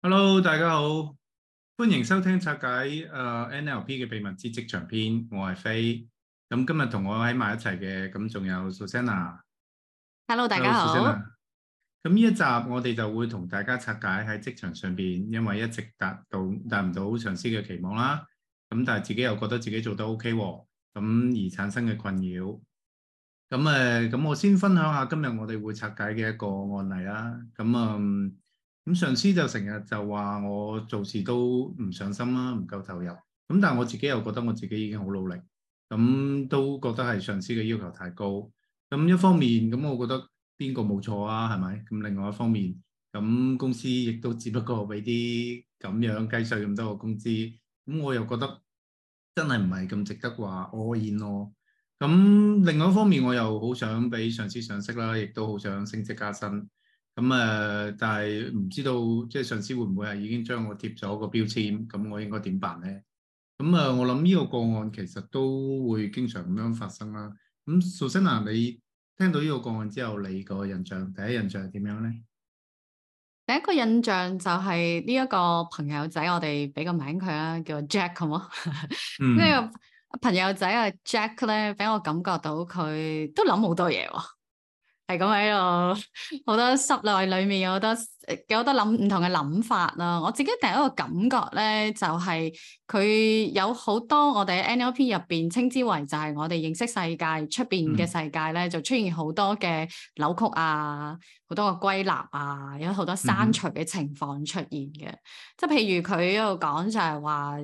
hello，大家好，歡迎收聽拆解誒、呃、NLP 嘅秘密之職場篇，我係 Faye，咁今日同我喺埋一齊嘅，咁仲有 Susanna，hello 大家好，咁呢一集我哋就會同大家拆解喺職場上邊，因為一直達到達唔到上司嘅期望啦，咁但係自己又覺得自己做得 OK，咁、啊、而產生嘅困擾，咁誒，咁、呃、我先分享下今日我哋會拆解嘅一個案例啦，咁啊。嗯咁上司就成日就話我做事都唔上心啦、啊，唔夠投入。咁但係我自己又覺得我自己已經好努力，咁都覺得係上司嘅要求太高。咁一方面，咁我覺得邊個冇錯啊？係咪？咁另外一方面，咁公司亦都只不過俾啲咁樣計稅咁多嘅工資，咁我又覺得真係唔係咁值得話 ALL IN 咯。咁、oh, oh. 另外一方面，我又好想俾上司賞識啦、啊，亦都好想升職加薪。咁啊、嗯，但係唔知道，即係上司會唔會係已經將我貼咗個標籤？咁我應該點辦咧？咁啊，我諗呢個個案其實都會經常咁樣發生啦。咁 Susanna，你聽到呢個個案之後，你個印象第一印象係點樣咧？第一個印象就係呢一個朋友仔，我哋俾個名佢啦，叫 Jack 咁咯。呢、 嗯、個朋友仔啊，Jack 咧，俾我感覺到佢都諗好多嘢喎、哦。係咁喺度，好 多室內裏面有好多幾多諗唔同嘅諗法咯。我自己第一個感覺咧，就係、是、佢有好多我哋 NLP 入邊稱之為就係我哋認識世界出邊嘅世界咧，就出現好多嘅扭曲啊，好多嘅歸納啊，有好多刪除嘅情況出現嘅。即係譬如佢一度講就係話，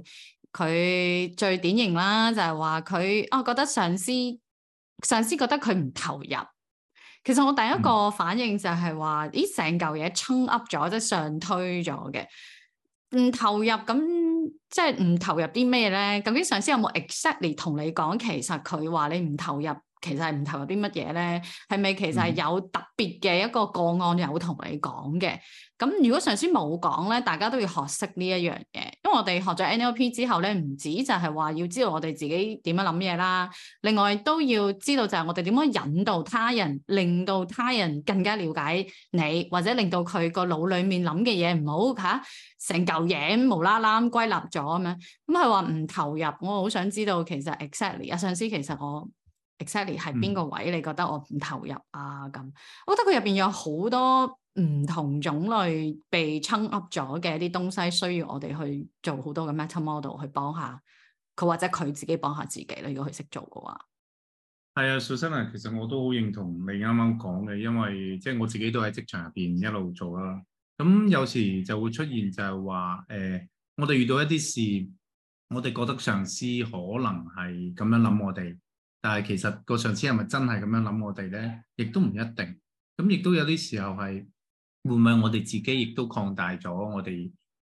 佢最典型啦，就係話佢，我覺得上司，上司覺得佢唔投入。其實我第一個反應就係話，咦成嚿嘢撐 up 咗，即係上推咗嘅，唔投入咁，即係唔投入啲咩咧？究竟上司有冇 exactly 同你講，其實佢話你唔投入？其實係唔投入啲乜嘢咧？係咪其實係有特別嘅一個個案有同你講嘅？咁如果上司冇講咧，大家都要學識呢一樣嘢，因為我哋學咗 NLP 之後咧，唔止就係話要知道我哋自己點樣諗嘢啦，另外都要知道就係我哋點樣引導他人，令到他人更加了解你，或者令到佢個腦裡面諗嘅嘢唔好嚇成嚿嘢無啦啦歸納咗咁樣。咁佢話唔投入，我好想知道其實 exactly 啊，上司其實我。Exactly 係邊個位？你覺得我唔投入啊？咁、嗯、我覺得佢入邊有好多唔同種類被撐 up 咗嘅一啲東西，需要我哋去做好多嘅 meta model 去幫下佢，或者佢自己幫下自己啦。如果佢識做嘅話，係啊，Susanna 啊，其實我都好認同你啱啱講嘅，因為即係、就是、我自己都喺職場入邊一路做啦。咁有時就會出現就係話誒，我哋遇到一啲事，我哋覺得上司可能係咁樣諗我哋。嗯但係其實個上司係咪真係咁樣諗我哋咧？亦都唔一定。咁亦都有啲時候係會唔會我哋自己亦都擴大咗我哋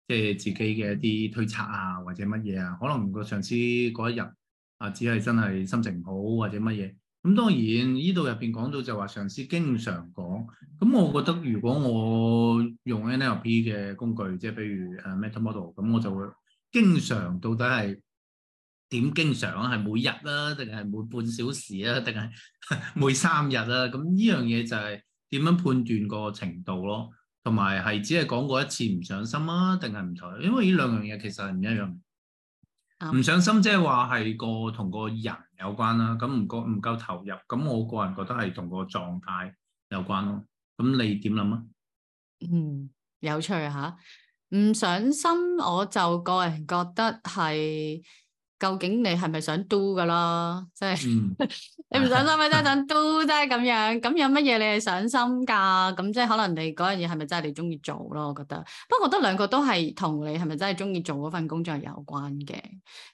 即係自己嘅一啲推測啊，或者乜嘢啊？可能個上司嗰一日啊，只係真係心情好或者乜嘢。咁當然呢度入邊講到就話上司經常講。咁我覺得如果我用 NLP 嘅工具，即係譬如誒 Meta Model，咁我就會經常到底係。點經常啊？係每日啦，定係每半小時啊，定係每三日啊？咁呢樣嘢就係點樣判斷個程度咯。同埋係只係講過一次唔上心啊，定係唔同？因為呢兩樣嘢其實係唔一樣。唔、嗯、上心即係話係個同個人有關啦、啊。咁唔夠唔夠投入，咁我個人覺得係同個狀態有關咯。咁你點諗啊？啊嗯，有趣吓。唔上心，我就個人覺得係。究竟你係咪想 do 噶啦？即、就、係、是嗯、 你唔上心咪、嗯、真係想 do 啫咁 樣。咁有乜嘢你係上心噶？咁即係可能你嗰樣嘢係咪真係你中意做咯？我覺得。不過覺得兩個都係同你係咪真係中意做嗰份工作有關嘅。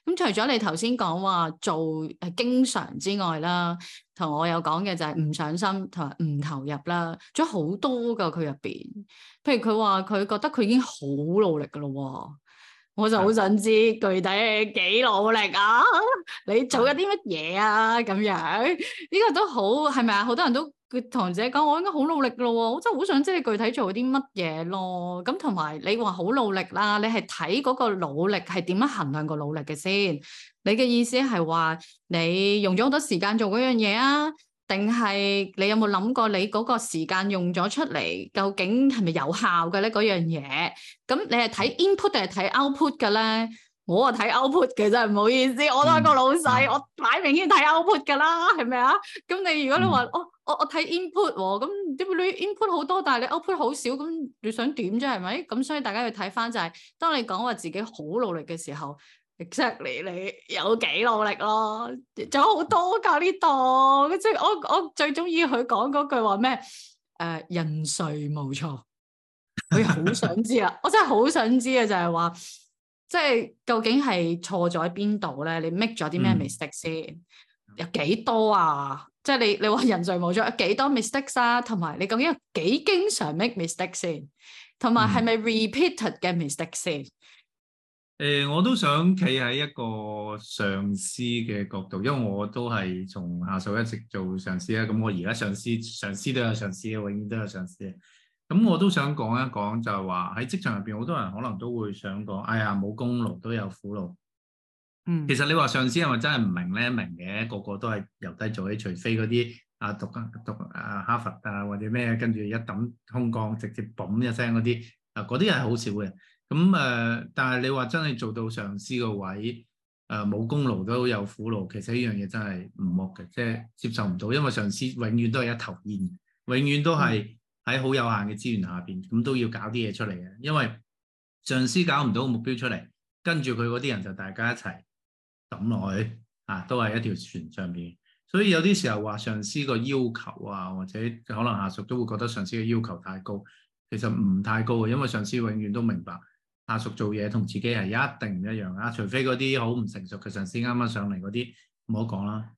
咁除咗你頭先講話做係經常之外啦，同我有講嘅就係唔上心同埋唔投入啦。仲有好多噶佢入邊，譬如佢話佢覺得佢已經好努力噶咯喎。我就好想知具體你幾努力啊？你做咗啲乜嘢啊？咁樣呢個都好係咪啊？好多人都同人哋講，我應該好努力咯。我真係好想知你具體做啲乜嘢咯。咁同埋你話好努力啦，你係睇嗰個努力係點樣衡量個努力嘅先？你嘅意思係話你用咗好多時間做嗰樣嘢啊？定係你有冇諗過你嗰個時間用咗出嚟，究竟係咪有效嘅咧？嗰樣嘢，咁你係睇 input 定係睇 output 嘅咧？我啊睇 output，其實唔好意思，我都係個老細，嗯、我擺明已經睇 output 㗎啦，係咪啊？咁你如果你話、嗯哦、我我我睇 input 喎、哦，咁啲 input input 好多，但係你 output 好少，咁你想點啫？係咪？咁所以大家要睇翻就係、是，當你講話自己好努力嘅時候。Exactly, 你有幾努力咯，仲有好多噶，呢度。即係我我最中意佢講嗰句話咩？誒、呃，人誰冇錯，佢好 想知啊！我真係好想知啊！就係話，即係究竟係錯咗喺邊度咧？你 make 咗啲咩 mistake 先？有幾多啊？即係你你話人誰冇錯，有幾多 mistakes 啊？同埋你究竟幾經常 make mistakes 先？同埋係咪 repeated 嘅 mistake 先？嗯誒、呃，我都想企喺一個上司嘅角度，因為我都係從下屬一直做上司啊。咁我而家上司，上司都有上司嘅，永遠都有上司嘅。咁我都想講一講就，就係話喺職場入邊，好多人可能都會想講，哎呀，冇功勞都有苦勞。嗯，其實你話上司係咪真係唔明咧？明嘅，個個都係由低做起，除非嗰啲啊讀啊讀啊哈佛啊或者咩，跟住一抌空降，直接嘣一聲嗰啲啊，嗰啲係好少嘅。咁誒、嗯，但係你話真係做到上司個位，誒、呃、冇功勞都有苦勞，其實呢樣嘢真係唔惡嘅，即、就、係、是、接受唔到，因為上司永遠都係一頭煙，永遠都係喺好有限嘅資源下邊，咁都要搞啲嘢出嚟嘅。因為上司搞唔到個目標出嚟，跟住佢嗰啲人就大家一齊抌落去啊，都係一條船上邊。所以有啲時候話上司個要求啊，或者可能下屬都會覺得上司嘅要求太高，其實唔太高嘅，因為上司永遠都明白。下屬做嘢同自己係一定唔一樣啊！除非嗰啲好唔成熟嘅上司啱啱上嚟嗰啲，唔好講啦。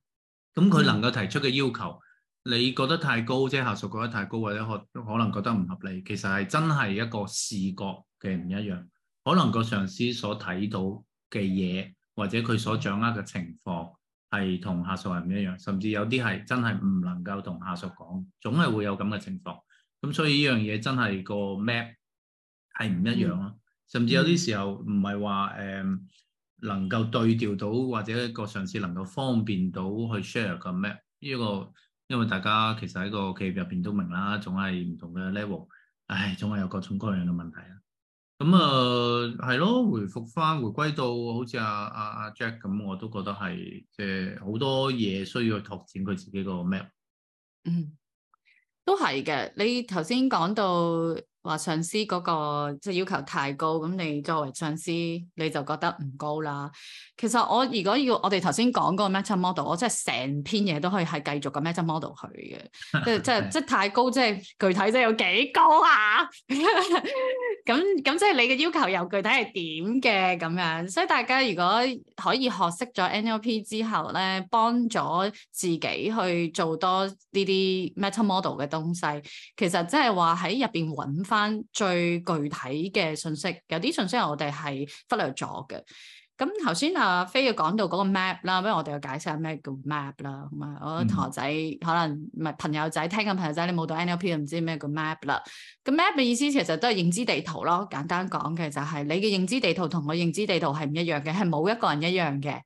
咁佢能夠提出嘅要求，嗯、你覺得太高，即係下屬覺得太高，或者可可能覺得唔合理，其實係真係一個視覺嘅唔一樣。可能個上司所睇到嘅嘢，或者佢所掌握嘅情況係同下屬係唔一樣，甚至有啲係真係唔能夠同下屬講，總係會有咁嘅情況。咁所以呢樣嘢真係個 map 係唔一樣咯。嗯甚至有啲時候唔係話誒能夠對調到，或者一個上司能夠方便到去 share 個 map。呢個因為大家其實喺個企業入邊都明啦，總係唔同嘅 level，唉，總係有各種各樣嘅問題啊。咁、嗯、啊，係、呃、咯，回復返，回歸到好似阿阿阿 Jack 咁，我都覺得係即係好多嘢需要去拓展佢自己個 map。嗯，都係嘅。你頭先講到。話上司嗰個即係要求太高，咁你作為上司你就覺得唔高啦。其實我如果要我哋頭先講個 meta model，我真係成篇嘢都可以係繼續嘅 meta model 去嘅。即係即係即係太高，即係具體即係有幾高啊？咁咁即係你嘅要求又具體係點嘅咁樣？所以大家如果可以學識咗 NLP 之後咧，幫咗自己去做多呢啲 meta model 嘅東西，其實即係話喺入邊揾翻最具體嘅信息，有啲信息我哋係忽略咗嘅。咁頭先阿飛要講到嗰個 map 啦，不如我哋又解釋下咩叫 map 啦。同埋我同學仔、嗯、可能唔係朋友仔聽緊朋友仔，你冇到 NLP 就唔知咩叫 map 啦。咁 map 嘅意思其實都係認知地圖咯。簡單講嘅就係你嘅認知地圖同我認知地圖係唔一樣嘅，係冇一個人一樣嘅。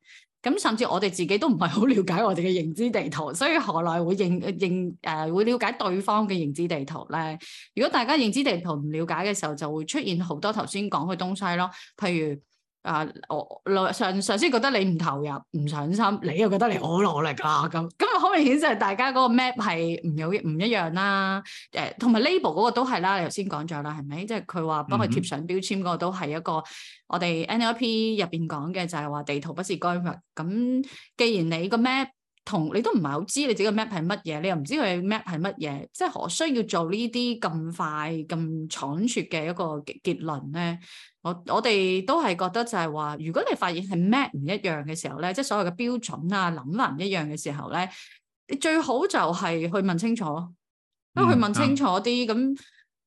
咁甚至我哋自己都唔係好了解我哋嘅認知地圖，所以何來會認認誒、啊、會了解對方嘅認知地圖咧？如果大家認知地圖唔了解嘅時候，就會出現好多頭先講嘅東西咯，譬如。啊，我上上司覺得你唔投入、唔上心，你又覺得你好努力啦、啊、咁，咁好明顯就係大家嗰個 map 係唔有唔一樣啦、啊。誒、呃，同埋 label 嗰個都係啦，你頭先講咗啦，係咪？即係佢話幫佢貼上標籤嗰個都係一個嗯嗯我哋 NLP 入邊講嘅，就係話地圖不是該物。咁既然你個 map 同你都唔係好知你自己個 map 係乜嘢，你又唔知佢 map 係乜嘢，即係何需要做呢啲咁快咁倉促嘅一個結論咧？我我哋都係覺得就係話，如果你發現係 map 唔一樣嘅時候咧，即係所謂嘅標準啊、諗法唔一樣嘅時候咧，你最好就係去問清楚，都、嗯、去問清楚啲咁。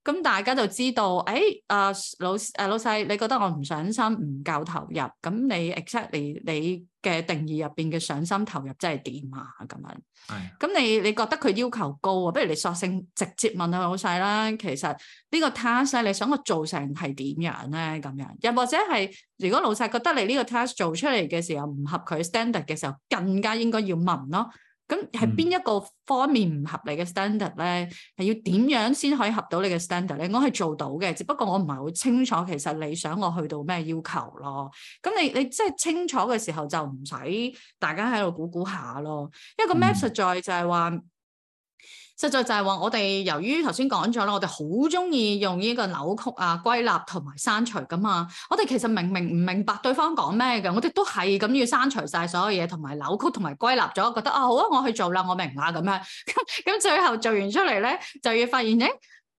咁大家就知道，誒、哎，阿、啊、老誒、啊、老細，你覺得我唔上心，唔夠投入，咁你 exactly 你你嘅定義入邊嘅上心投入真係點啊？咁樣的，係，咁你你覺得佢要求高啊？不如你索性直接問下老細啦。其實呢個 task、啊、你想我做成係點樣咧？咁樣，又或者係如果老細覺得你呢個 task 做出嚟嘅時候唔合佢 standard 嘅時候，更加應該要問咯。咁係邊一個方面唔合理嘅 standard 咧？係要點樣先可以合到你嘅 standard 咧？我係做到嘅，只不過我唔係好清楚其實你想我去到咩要求咯。咁你你即係清楚嘅時候就唔使大家喺度估估下咯，因為個 map 實在就係話。嗯實在就係話，我哋由於頭先講咗啦，我哋好中意用呢個扭曲啊、歸納同埋刪除噶嘛。我哋其實明明唔明白對方講咩嘅，我哋都係咁要刪除晒所有嘢，同埋扭曲同埋歸納咗，覺得啊好啊，我去做啦，我明啦咁樣。咁 咁最後做完出嚟咧，就要發現誒，誒、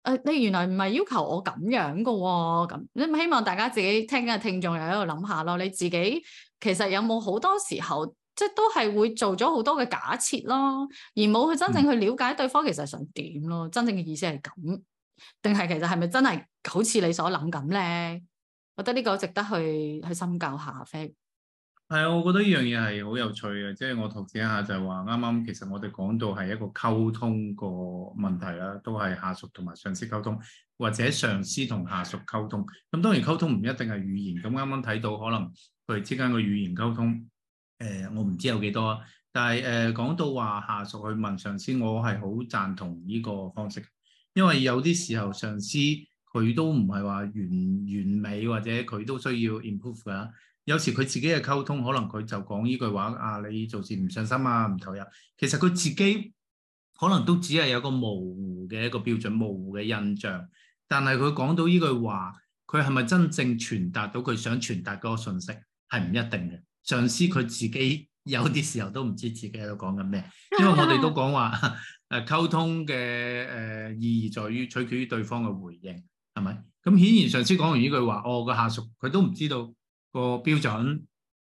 啊、你原來唔係要求我咁樣噶喎、啊。咁咁希望大家自己聽緊嘅聽眾又喺度諗下咯。你自己其實有冇好多時候？即係都係會做咗好多嘅假設咯，而冇去真正去了解對方其實想點咯，真正嘅意思係咁，定係其實係咪真係好似你所諗咁咧？覺得呢個值得去去深究下飛。飛，係啊，我覺得呢樣嘢係好有趣嘅，即係我提示一下就係話，啱啱其實我哋講到係一個溝通個問題啦，都係下屬同埋上司溝通，或者上司同下屬溝通。咁當然溝通唔一定係語言，咁啱啱睇到可能佢哋之間嘅語言溝通。誒、呃，我唔知有幾多啊，但係誒，講、呃、到話下屬去問上司，我係好贊同呢個方式，因為有啲時候上司佢都唔係話完完美，或者佢都需要 improve 㗎。有時佢自己嘅溝通，可能佢就講呢句話：啊，你做事唔上心啊，唔投入。其實佢自己可能都只係有個模糊嘅一個標準、模糊嘅印象。但係佢講到呢句話，佢係咪真正傳達到佢想傳達嗰個信息，係唔一定嘅。上司佢自己有啲時候都唔知自己喺度講緊咩，因為我哋都講話誒溝通嘅誒意義在於取決於對方嘅回應，係咪？咁顯然上司講完呢句話，我、哦、個下屬佢都唔知道個標準，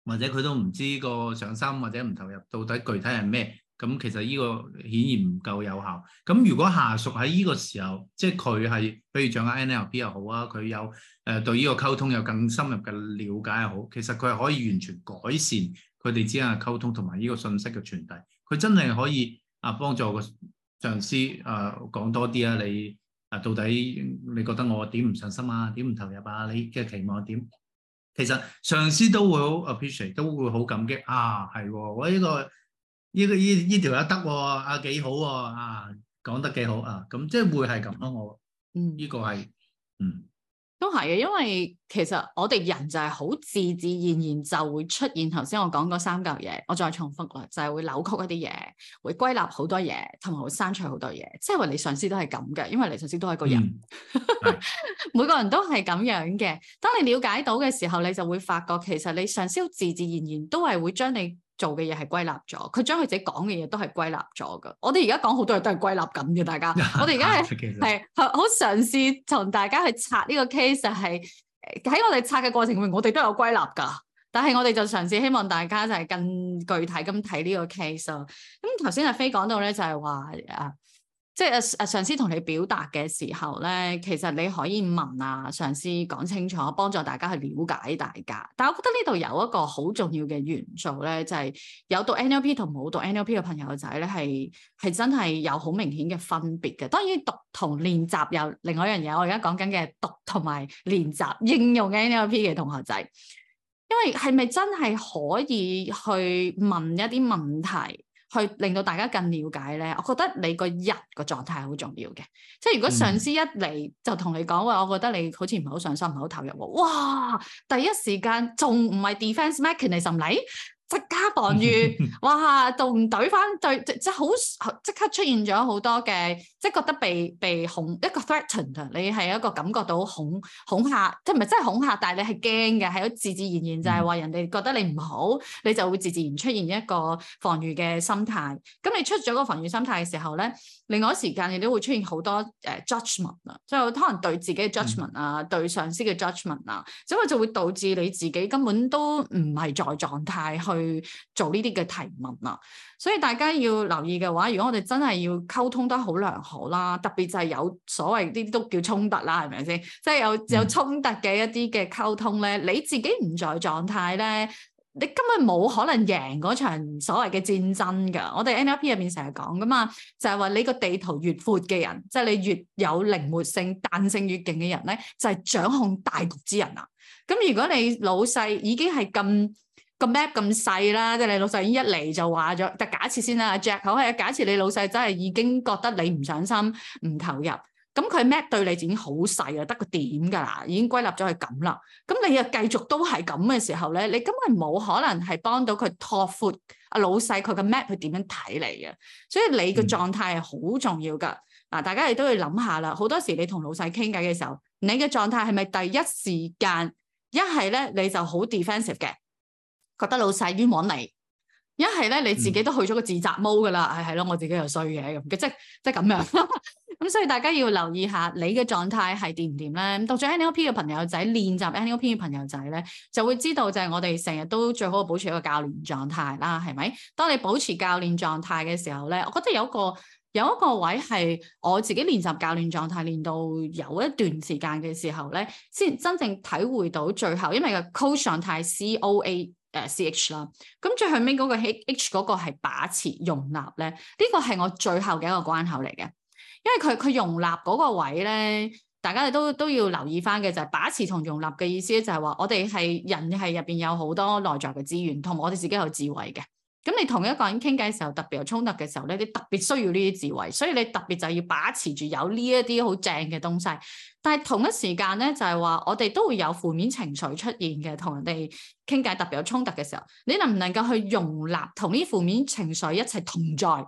或者佢都唔知個上心或者唔投入，到底具體係咩？咁其實呢個顯然唔夠有效。咁如果下屬喺呢個時候，即係佢係，比如掌握 NLP 又好啊，佢有誒、呃、對呢個溝通有更深入嘅了解又好，其實佢係可以完全改善佢哋之間嘅溝通同埋呢個信息嘅傳遞。佢真係可以啊幫助個上司啊講多啲啊，你啊到底你覺得我點唔信心啊，點唔投入啊？你嘅期望點？其實上司都會好 appreciate，都會好感激啊。係喎、哦，我呢、這個。呢個呢呢條又得喎，啊幾好喎，啊講得幾好啊，咁、啊啊、即係會係咁咯，我、嗯，嗯，呢個係，嗯，都係嘅，因為其實我哋人就係好自自然然就會出現頭先我講嗰三嚿嘢，我再重複啦，就係、是、會扭曲一啲嘢，會歸納好多嘢，同埋會刪除好多嘢，即係話你上司都係咁嘅，因為你上司都係個人，嗯、 每個人都係咁樣嘅。當你了解到嘅時候，你就會發覺其實你上司自自然然，然都係會將你做嘅嘢係歸納咗，佢將佢自己講嘅嘢都係歸納咗噶。我哋而家講好多嘢都係歸納緊嘅，大家。 我哋而家係係好嘗試同大家去拆呢個 case，就係、係、喺我哋拆嘅過程裏面，我哋都有歸納噶。但係我哋就嘗試希望大家就係更具體咁睇呢個 case 咯。咁頭先阿飛講到咧，就係話啊。即係、啊、誒上司同你表達嘅時候咧，其實你可以問啊，上司講清楚、啊，幫助大家去了解大家。但係我覺得呢度有一個好重要嘅元素咧，就係、係、有讀 NLP 同冇讀 NLP 嘅朋友仔咧，係係真係有好明顯嘅分別嘅。當然讀同練習有另外一樣嘢。我而家講緊嘅讀同埋練習應用嘅 NLP 嘅同學仔，因為係咪真係可以去問一啲問題？去令到大家更了解咧，我覺得你個日個狀態係好重要嘅。即係如果上司一嚟就同你講話、嗯哎，我覺得你好似唔係好上心，唔係好投入喎。哇！第一時間仲唔係 defense mechanism 嚟？即刻防禦， 哇！到唔懟翻對，即好即刻出現咗好多嘅，即覺得被被恐一個 threatened，你係一個感覺到恐恐嚇，即唔係真係恐嚇，但係你係驚嘅，係好自自然然就係、是、話人哋覺得你唔好，你就會自自然出現一個防禦嘅心態。咁你出咗個防禦心態嘅時候咧，另外一時間你都會出現好多誒 judgement 啊，即係可能對自己嘅 judgement 啊， 對上司嘅 judgement 啊，所以就會導致你自己根本都唔係在狀態去。去做呢啲嘅提問啊，所以大家要留意嘅話，如果我哋真係要溝通得好良好啦，特別就係有所謂啲都叫衝突啦，係咪先？即係有有衝突嘅一啲嘅溝通咧，你自己唔在狀態咧，你根本冇可能贏嗰場所謂嘅戰爭噶。我哋 NLP 入面成日講噶嘛，就係話你個地圖越闊嘅人，即係你越有靈活性、彈性越勁嘅人咧，就係掌控大局之人啊。咁如果你老細已經係咁。個 map 咁細啦，即係你老細已經一嚟就話咗。但假設先啦，Jack 口係啊。假設、啊、你老細真係已經覺得你唔上心、唔投入，咁佢 map 對你已經好細啦，得個點噶啦，已經歸納咗係咁啦。咁你又繼續都係咁嘅時候咧，你根本冇可能係幫到佢拓闊阿老細佢個 map，佢點樣睇嚟嘅？所以你嘅狀態係好重要噶嗱，嗯、大家亦都要諗下啦。好多時你同老細傾偈嘅時候，你嘅狀態係咪第一時間一係咧，你就好 defensive 嘅？覺得老細冤枉你，一係咧你自己都去咗個自責模式㗎啦，係係咯，我自己又衰嘅咁，即即咁樣。咁 所以大家要留意下你嘅狀態係掂唔掂咧？讀咗 NLP 嘅朋友仔，練習 NLP 嘅朋友仔咧，就會知道就係我哋成日都最好保持一個教練狀態啦，係咪？當你保持教練狀態嘅時候咧，我覺得有一個有一個位係我自己練習教練狀態練到有一段時間嘅時候咧，先真正體會到最後，因為個 coach 狀態 COA。CO A, C H 啦，咁最後面嗰個 H 嗰個係把持容納咧，呢個係我最後嘅一個關口嚟嘅，因為佢佢容納嗰個位咧，大家都都要留意翻嘅就係把持同容納嘅意思就係話，我哋係人係入邊有好多內在嘅資源，同埋我哋自己有智慧嘅。咁你同一個人傾偈嘅時候，特別有衝突嘅時候咧，你特別需要呢啲智慧，所以你特別就要把持住有呢一啲好正嘅東西。但係同一時間咧，就係話我哋都會有負面情緒出現嘅，同人哋傾偈特別有衝突嘅時候，你能唔能夠去容納同呢負面情緒一齊同在？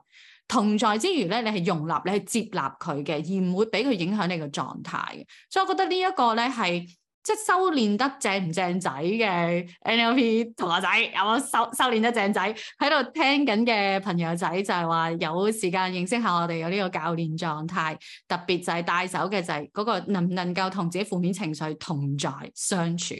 同在之餘咧，你係容納你去接納佢嘅，而唔會俾佢影響你嘅狀態。所以我覺得呢一個咧係。即修練得正唔正仔嘅 NLP 同學仔，有冇修修練得正仔喺度聽緊嘅朋友仔，就係話有時間認識下我哋有呢個教練狀態，特別就係帶手嘅就係嗰個能唔能夠同自己負面情緒同在相處？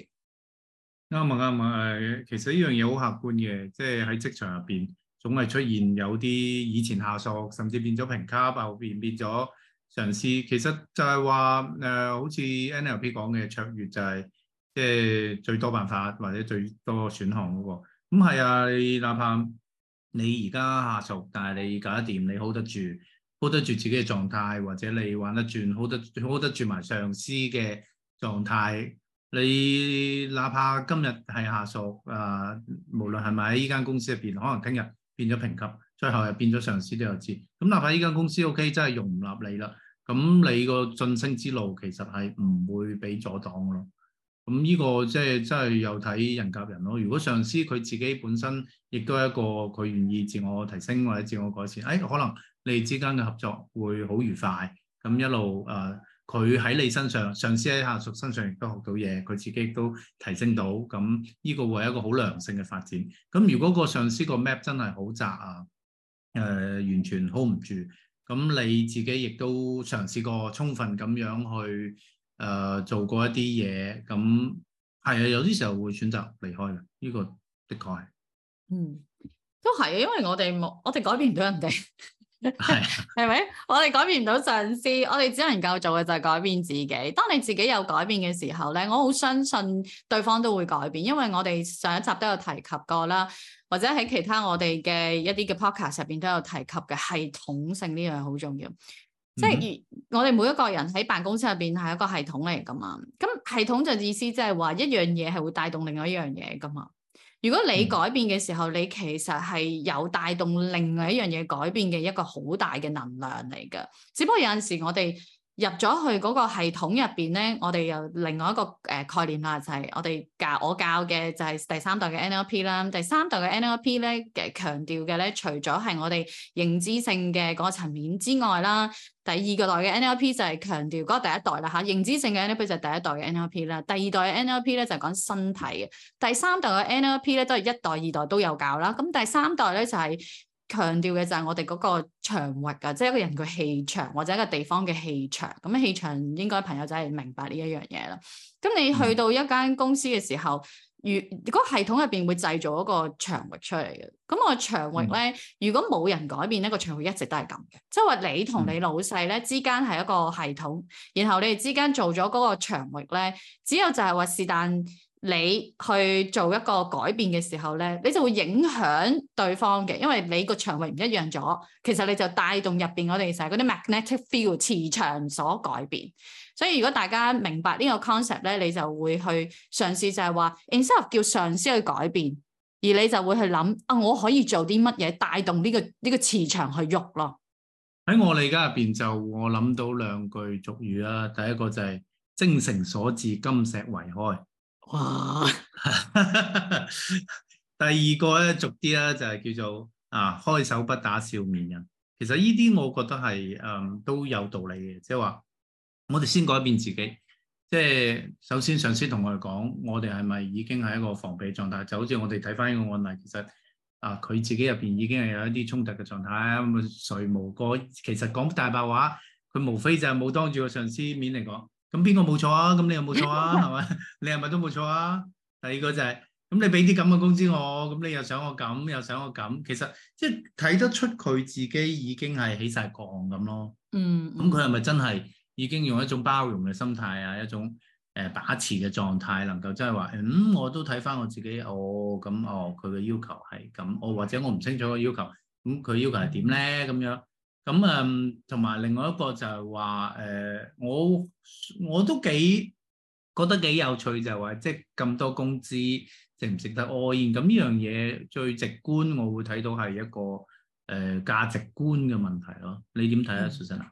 啱啊啱啊，其實呢樣嘢好客觀嘅，即係喺職場入邊總係出現有啲以前下屬，甚至變咗評級後邊變咗。上司其實就係話誒，好似 NLP 講嘅，卓越就係即係最多辦法或者最多選項嗰個。咁係啊，你哪怕你而家下屬，但係你搞得掂，你 hold 得住，hold 得住自己嘅狀態，或者你玩得轉，hold 得 hold 得住埋上司嘅狀態。你哪怕今日係下屬啊，無論係咪喺依間公司入邊，可能聽日變咗評級，最後又變咗上司，你又知。咁哪怕依間公司 OK，真係容唔納你啦。咁你個晉升之路其實係唔會俾阻擋咯。咁呢個即、就、係、是、真係又睇人夾人咯。如果上司佢自己本身亦都係一個佢願意自我提升或者自我改善，誒、哎、可能你哋之間嘅合作會好愉快。咁一路誒，佢、呃、喺你身上，上司喺下屬身上亦都學到嘢，佢自己亦都提升到。咁呢個會係一個好良性嘅發展。咁如果個上司個 map 真係好窄啊，誒、呃、完全 hold 唔住。咁你自己亦都嘗試過充分咁樣去誒、呃、做過一啲嘢，咁係啊，有啲時候會選擇離開啦。呢、呢個的確係，嗯，都係啊，因為我哋冇，我哋改變唔到人哋，係係咪？ 我哋改變唔到上司，我哋只能夠做嘅就係改變自己。當你自己有改變嘅時候咧，我好相信對方都會改變，因為我哋上一集都有提及過啦。或者喺其他我哋嘅一啲嘅 podcast 入邊都有提及嘅系統性，呢樣好重要，mm hmm. 即係我哋每一個人喺辦公室入邊係一個系統嚟噶嘛，咁系統就意思即係話一樣嘢係會帶動另外一樣嘢噶嘛。如果你改變嘅時候，mm hmm. 你其實係有帶動另外一樣嘢改變嘅一個好大嘅能量嚟噶，只不過有陣時我哋。入咗去嗰個系統入邊咧，我哋有另外一個誒概念啦，就係我哋教我教嘅就係第三代嘅 NLP 啦。第三代嘅 NLP 咧，強調嘅咧，除咗係我哋認知性嘅嗰個層面之外啦，第二個代嘅 NLP 就係強調嗰個第一代啦嚇。認知性嘅 NLP 就係第一代嘅 NLP 啦，第二代嘅 NLP 咧就係講身體嘅，第三代嘅 NLP 咧都係一代二代都有教啦。咁第三代咧就係……強調嘅就係我哋嗰個場域㗎，即係一個人嘅氣場或者一個地方嘅氣場。咁氣場應該朋友就係明白呢一樣嘢啦。咁你去到一間公司嘅時候，嗯、如、個系統入邊會製造一個場域出嚟嘅。咁、個場域咧，如果冇人改變，呢、個場域一直都係咁嘅。即係話你同你老細咧之間係一個系統，嗯、然後你哋之間做咗嗰個場域咧，只有就係話是但。你去做一個改變嘅時候咧，你就會影響對方嘅，因為你個腸胃唔一樣咗，其實你就帶動入邊嗰啲其實係嗰啲 magnetic field 磁場所改變。所以如果大家明白呢個 concept 咧，你就會去嘗試就係話，instead of 叫上司去改變，而你就會去諗啊，我可以做啲乜嘢帶動呢個呢個磁場去喐咯。喺我哋而家入邊就我諗到兩句俗語啦，第一個就係精誠所至，金石為開。哇！ 第二個咧，俗啲啦，就係、是、叫做啊，開手不打笑面人。其實呢啲我覺得係誒、嗯、都有道理嘅，即係話我哋先改變自己。即、就、係、是、首先上司同我哋講，我哋係咪已經係一個防備狀態？就好似我哋睇返呢個案例，其實啊，佢自己入邊已經係有一啲衝突嘅狀態啊。咁啊，誰無過？其實講大白話，佢無非就係冇當住個上司面嚟講。咁邊個冇錯啊？咁你又冇錯啊？係咪？你係咪都冇錯啊？第二個就係、是，咁你俾啲咁嘅工資我，咁你又想我咁，又想我咁，其實即係睇得出佢自己已經係起晒槓咁咯。嗯。咁佢係咪真係已經用一種包容嘅心態啊，一種誒、呃、把持嘅狀態，能夠真係話，咁、嗯、我都睇返我自己，哦，咁、嗯、哦，佢嘅要求係咁，哦，或者我唔清楚個要求，咁、嗯、佢要求係點咧？咁、嗯、樣。咁啊，同埋、嗯、另外一個就係話，誒、呃，我我都幾覺得幾有趣就，就係即係咁多工資值唔值得 ALL IN？然咁呢樣嘢最直觀我會睇到係一個誒價、呃、值觀嘅問題咯。你點睇啊，蘇生啊？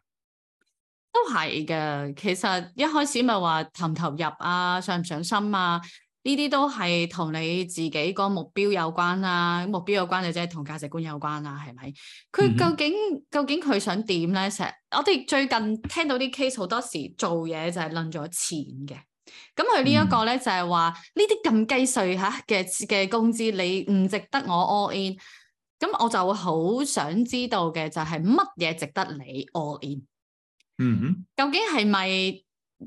都係嘅，其實一開始咪話投唔投入啊，上唔上心啊？呢啲都係同你自己個目標有關啦、啊，目標有關即係，同價值觀有關啦、啊，係咪？佢、嗯嗯、究竟究竟佢想點咧？成日我哋最近聽到啲 case 好多時做嘢就係論咗錢嘅，咁佢呢一個咧就係話呢啲咁雞碎嚇嘅嘅工資你唔值得我 all in，咁我就會好想知道嘅就係乜嘢值得你 all in？嗯，嗯，究竟係咪？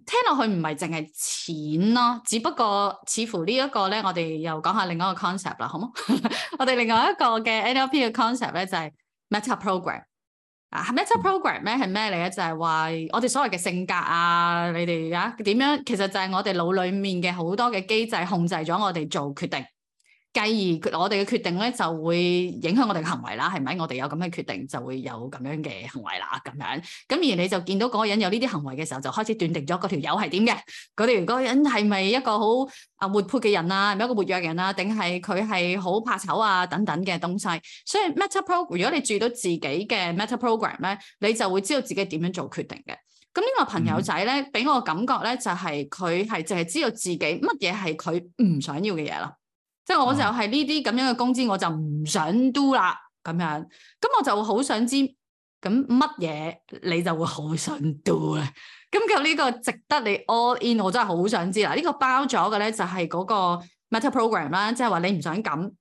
聽落去唔係淨係錢咯，只不過似乎呢一個咧，我哋又講下另外一個 concept 啦，好冇？ 我哋另外一個嘅 NLP 嘅 concept 咧就係 Meta Program 啊 Meta Program 咧係咩嚟咧？就係、是、話我哋所謂嘅性格啊，你哋而家點樣，其實就係我哋腦裏面嘅好多嘅機制控制咗我哋做決定。繼而，我哋嘅決定咧就會影響我哋嘅行為啦，係咪？我哋有咁嘅決定，就會有咁樣嘅行為啦，咁樣。咁而你就見到嗰個人有呢啲行為嘅時候，就開始斷定咗嗰條友係點嘅。嗰條嗰個人係咪、那個、一個好啊活潑嘅人啊？係咪一個活躍嘅人啊？定係佢係好怕醜啊？等等嘅東西。所以 meta pro，如果你注到自己嘅 meta program 咧，你就會知道自己點樣做決定嘅。咁呢個朋友仔咧，俾、嗯、我感覺咧，就係佢係淨係知道自己乜嘢係佢唔想要嘅嘢咯。即係我就係呢啲咁樣嘅工資，我就唔想 do 啦咁樣。咁我就好想知，咁乜嘢你就會好想 do 咧？咁佢呢個值得你 all in，我真係好想知啦。呢個包咗嘅咧，就係嗰個 meta program 啦，即係話你唔想咁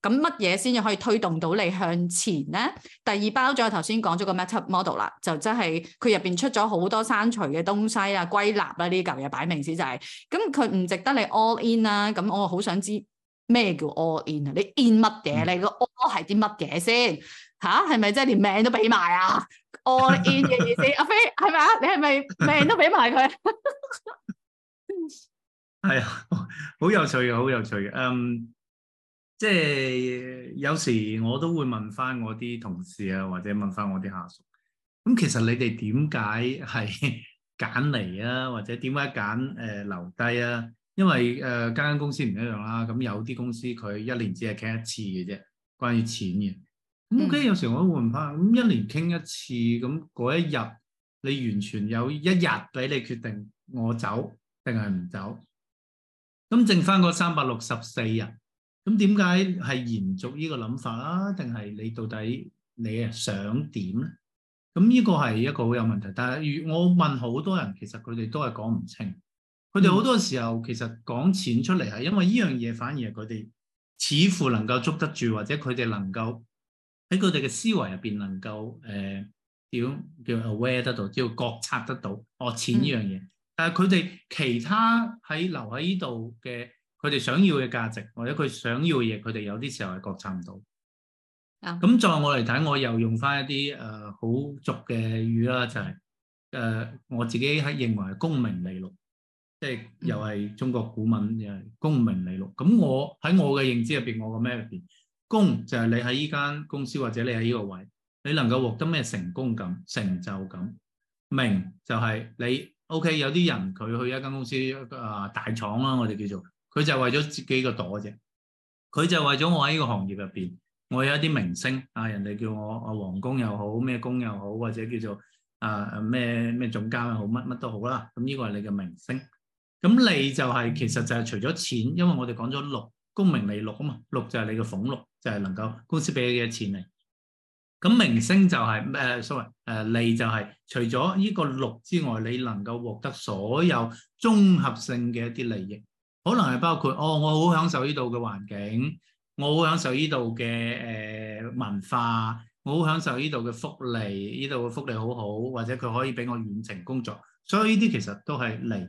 咁乜嘢先至可以推動到你向前咧。第二包咗，我頭先講咗個 meta model 啦，就真係佢入邊出咗好多刪除嘅東西啊、歸納啦呢嚿嘢擺明先就係。咁佢唔值得你 all in 啦，咁我好想知。咩叫 all in 啊？你 in 乜嘢？你個 all 係啲乜嘢先？嚇，係咪真係連命都俾埋啊？all in 嘅意思？阿飛係咪啊？你係咪命都俾埋佢？係啊，好有趣嘅，好有趣嘅。嗯，即係有時我都會問翻我啲同事啊，或者問翻我啲下屬。咁其實你哋點解係揀嚟啊？或者點解揀誒留低啊？因為誒間間公司唔一樣啦，咁、嗯、有啲公司佢一年只係傾一次嘅啫，關於錢嘅。咁、嗯、OK、嗯、有時我都會問翻，咁、嗯、一年傾一次，咁、嗯、嗰一日你完全有一日俾你決定我走定係唔走。咁、嗯、剩翻嗰三百六十四日，咁點解係延續個呢個諗法啊？定係你到底你係想點咧？咁、嗯、呢、這個係一個好有問題，但係如我問好多人，其實佢哋都係講唔清。佢哋好多時候其實講錢出嚟係因為呢樣嘢反而係佢哋似乎能夠捉得住，或者佢哋能夠喺佢哋嘅思維入邊能夠誒點、呃、叫、叫 aware 得到，叫覺察得到哦錢呢樣嘢。嗯、但係佢哋其他喺留喺呢度嘅，佢哋想要嘅價值或者佢想要嘅嘢，佢哋有啲時候係覺察唔到。咁、嗯、再我嚟睇，我又用翻一啲誒好俗嘅語啦，就係、是、誒、呃、我自己喺認為係功名利祿。即係又係中國古文嘅功名利祿。咁我喺我嘅認知入邊，我個咩入邊？功就係你喺依間公司或者你喺呢個位，你能夠獲得咩成功感、成就感？名就係你 OK。有啲人佢去一間公司啊，大廠啦、啊，我哋叫做佢就為咗自己個朵啫。佢就為咗我喺呢個行業入邊，我有一啲明星啊，人哋叫我阿王工又好，咩工又好，或者叫做啊咩咩總監又好，乜乜都好啦。咁呢個係你嘅明星。咁利就係、是、其實就係除咗錢，因為我哋講咗祿功名利祿啊嘛，祿就係你嘅俸祿，就係、是、能夠公司俾你嘅錢嚟。咁明星就係咩 sorry 誒，呃、sorry，利就係、是、除咗呢個祿之外，你能夠獲得所有綜合性嘅一啲利益，可能係包括哦，我好享受呢度嘅環境，我好享受呢度嘅誒文化，我好享受呢度嘅福利，呢度嘅福利好好，或者佢可以俾我遠程工作，所以呢啲其實都係利。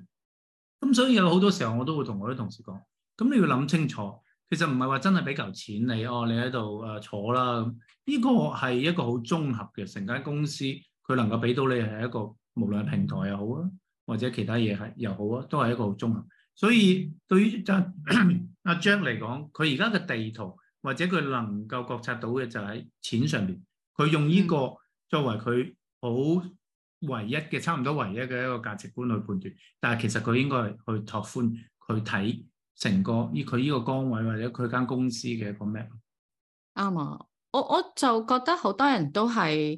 咁所以有好多時候我都會同我啲同事講，咁你要諗清楚，其實唔係話真係俾嚿錢你哦，你喺度誒坐啦咁，呢個係一個好綜合嘅，成間公司佢能夠俾到你係一個無論係平台又好啊，或者其他嘢係又好啊，都係一個好綜合。所以對於阿張嚟講，佢而家嘅地圖或者佢能夠覺察到嘅就喺錢上邊，佢用呢個作為佢好，唯一嘅差唔多唯一嘅一個價值觀去判斷，但係其實佢應該去拓寬，去睇成個以佢呢個崗位或者佢間公司嘅一個咩？啱啊、嗯！我我就覺得好多人都係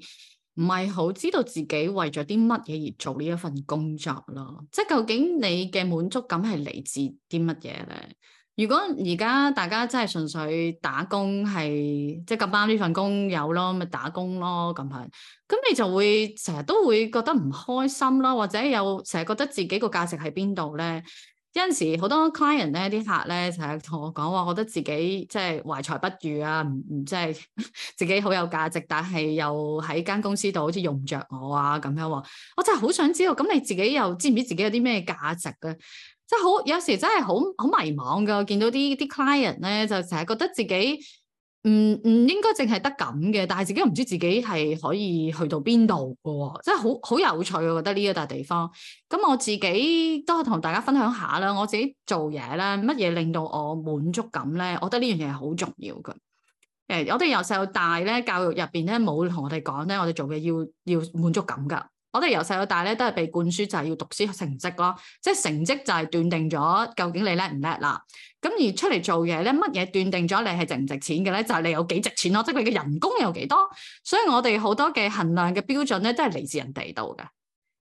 唔係好知道自己為咗啲乜嘢而做呢一份工作咯。即係究竟你嘅滿足感係嚟自啲乜嘢咧？如果而家大家真係純粹打工，係即係咁啱呢份工有咯，咪打工咯咁樣，咁你就會成日都會覺得唔開心咯，或者有成日覺得自己個價值喺邊度咧？有陣時好多 client 咧，啲客咧，成日同我講話，覺得自己即係懷才不遇啊，唔、唔即係自己好有價值，但係又喺間公司度好似用唔着我啊咁樣。我真係好想知道，咁你自己又知唔知自己有啲咩價值嘅？真好，有時真係好好迷茫噶。見到啲啲 client 咧，就成日覺得自己唔唔、嗯嗯、應該淨係得咁嘅，但係自己唔知自己係可以去到邊度嘅喎。真係好好有趣，我覺得呢一笪地方，咁我自己都同大家分享下啦。我自己做嘢咧，乜嘢令到我滿足感咧？我覺得呢樣嘢好重要嘅。誒，我哋由細到大咧，教育入邊咧，冇同我哋講咧，我哋做嘢要要滿足感噶。我哋由細到大咧，都係被灌輸就係要讀書成績咯，即係成績就係斷定咗究竟你叻唔叻啦。咁而出嚟做嘢咧，乜嘢斷定咗你係值唔值錢嘅咧？就係你有幾值錢咯，即係你嘅人工有幾多。所以我哋好多嘅衡量嘅標準咧，都係嚟自人哋度嘅。